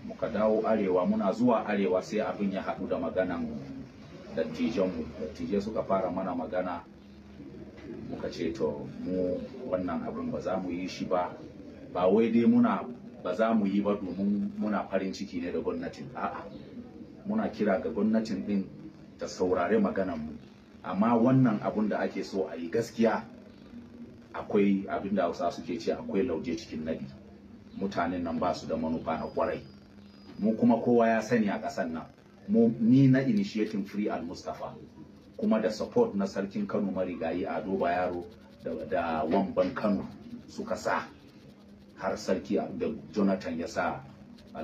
muka dawo arewa muna zuwa arewa sai abin ya haɗu da maganan dattijanmu dattije suka fara mana magana muka ce to mu wannan abin ba za mu yi shi ba ba wai dai muna ba za mu yi ba domin muna farin ciki ne da gwamnatin a'a muna kira ga gwamnatin din ta saurare mu amma wannan abun da ake so a yi gaskiya akwai abin da hausa suke ce akwai lauje cikin nadi mutanen nan ba su da manufa na kwarai mu kuma kowa ya sani a ƙasar nan mu ni na initiating free al mustafa kuma da support na sarkin kano marigayi ado yaro da, da wamban kano suka sa har sarki da jonathan ya sa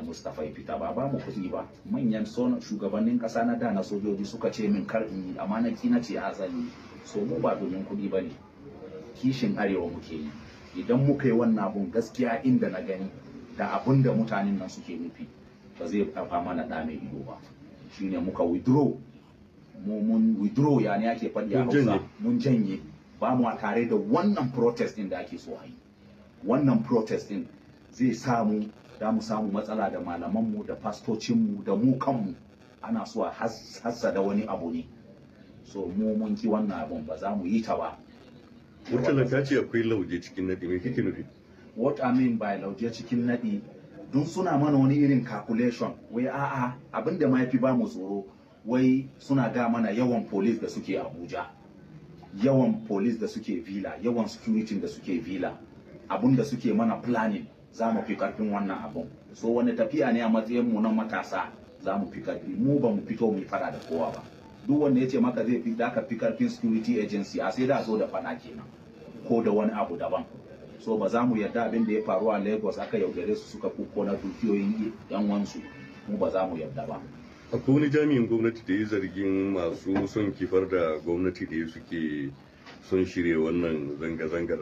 mustafa ya fita ba ba mu kuɗi ba manyan shugabannin ƙasa na da na sojoji suka ce min kar in yi amma na ce a zan so mu ba domin kuɗi ba ne kishin arewa muke yi idan muka yi wannan abun gaskiya inda na gani da abun da mutanen nan suke nufi ba zai kafa mana da mai ido ba shine muka withdraw mu mun withdraw ya ne ake faɗi a Hausa mun janye ba mu tare da wannan protest din da ake so a yi wannan protest din zai samu da mu samu matsala da malaman mu da mu da mu kanmu ana so a hassa da wani abu ne so mu mun ki wannan abun ba za mu yi ta ba murtala ta ce akwai lauje cikin nadi me kike nufi what i mean by lauje cikin nadi dun suna mana wani irin calculation wai a'a abinda ma yafi ba tsoro wai suna ga mana yawan police da suke abuja yawan police da suke villa yawan security da suke villa abun da suke mana planning za mu fi karfin wannan abun so wani tafiya ne a matsayin mu na matasa za mu fi karfi mu ba mu fito mu fada da kowa ba duk wanda ya ce maka zai fi da aka fi karfin security agency a sai da zo da fada kenan ko da wani abu daban so ba za mu yarda abin da ya faru a lagos aka yaudare su suka kuko na dukiyoyin yan wansu mu ba za mu yarda ba akwai wani jami'in gwamnati da ya zargin masu son kifar da gwamnati da ya suke son shirya wannan zanga-zangar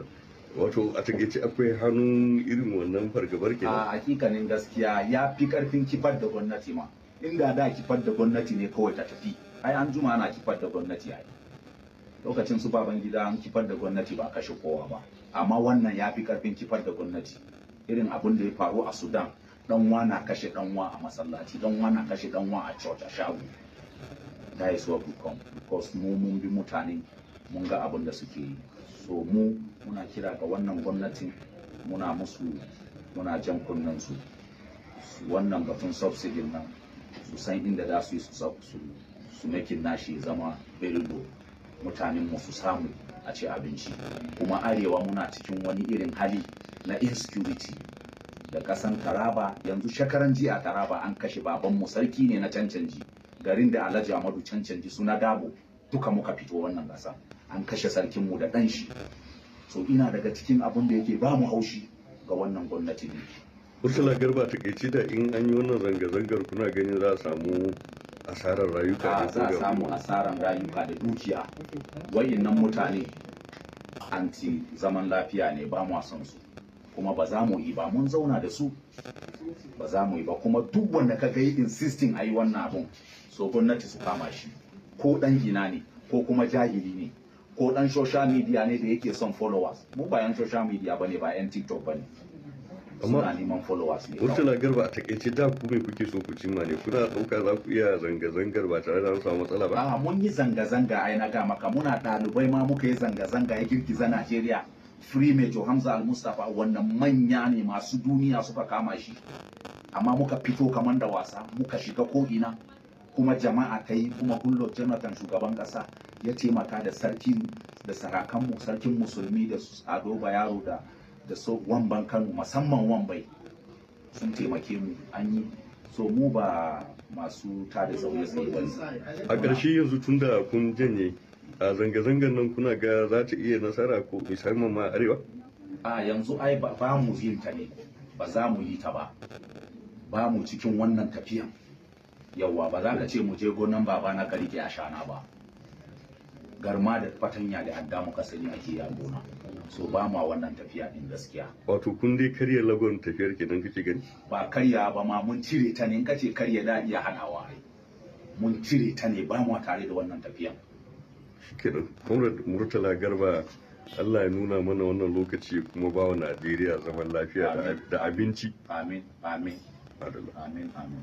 wato a takaice akwai hannun irin wannan fargabar ke a hakikanin gaskiya ya fi karfin kifar da gwamnati ma inda da kifar da gwamnati ne kawai ta tafi ai an juma ana kifar da gwamnati ai lokacin su baban gida an kifar da gwamnati ba kashe kowa ba amma wannan ya fi karfin kifar da gwamnati irin abin da ya faru a sudan danwa na kashe danwa a masallaci danwa na kashe danwa a church a shago that is what we come because mu mun bi mutane mun ga abin da suke yi so mu muna kira ga wannan gwamnatin muna musu muna jan kunnen su wannan batun subsidy nan su san inda za su yi su su makin nashi zama belgo, mutanen mu su samu a ci abinci kuma arewa muna cikin wani irin hali na insecurity da kasan taraba yanzu shakaran jiya taraba an kashe babanmu sarki ne na cancanji garin da alhaji amadu cancanji suna dabo duka muka fito wannan kasa an kashe sarkinmu da ɗan shi so ina daga cikin abin da yake ba mu haushi ga wannan gwamnati ne Ursula Garba ta da in an yi wannan zanga-zangar kuna ganin za a samu asarar rayuka da za samu asarar rayuka da dukiya wayannan mutane anti zaman lafiya ne ba mu san su kuma ba za mu yi ba mun zauna da su ba za mu yi ba kuma duk wanda ka ga insisting a yi wannan abun so gwamnati su kama shi ko dan gina ne ko kuma jahili ne ko dan social media ne da yake son followers mu ba yan social media bane ba yan tiktok bane suna neman followers ne murtala garba a takaice da ku mai kuke so ku cimma ne kuna ɗauka za ku iya zanga-zangar ba tare da an samu matsala ba a mun yi zanga-zanga a na ga maka muna ɗalibai ma muka yi zanga-zanga ya girgiza najeriya free major hamza al-mustapha wannan manya ne masu duniya suka kama shi amma muka fito kamar da wasa muka shiga ko'ina kuma jama'a ta yi kuma hullo jonathan shugaban kasa ya taimaka da sarkin da sarkin musulmi da su ado yaro da da so wamban kano musamman wambai sun taimake mu an yi so mu ba masu tada zaune tsaye ba a ƙarshe yanzu tun kun janye a zanga-zangar nan kuna ga za ta iya nasara ko musamman ma arewa a yanzu ai ba mu yin ta ne ba za mu yi ta ba ba mu cikin wannan tafiyan yawwa ba za ka ce mu je gonan baba na ka rike a shana ba garma da fatanya da adda muka sani ake yi a gona so ba ma wannan tafiya din gaskiya wato kun dai karya lagon tafiyar kenan kake gani ba karya ba ma mun cire ta ne in kace karya da iya hadawa mun cire ta ne ba mu tare da wannan tafiyan kenan Murtala Garba Allah ya nuna mana wannan lokaci kuma ba wa Najeriya zaman lafiya da abinci amin amin amin amin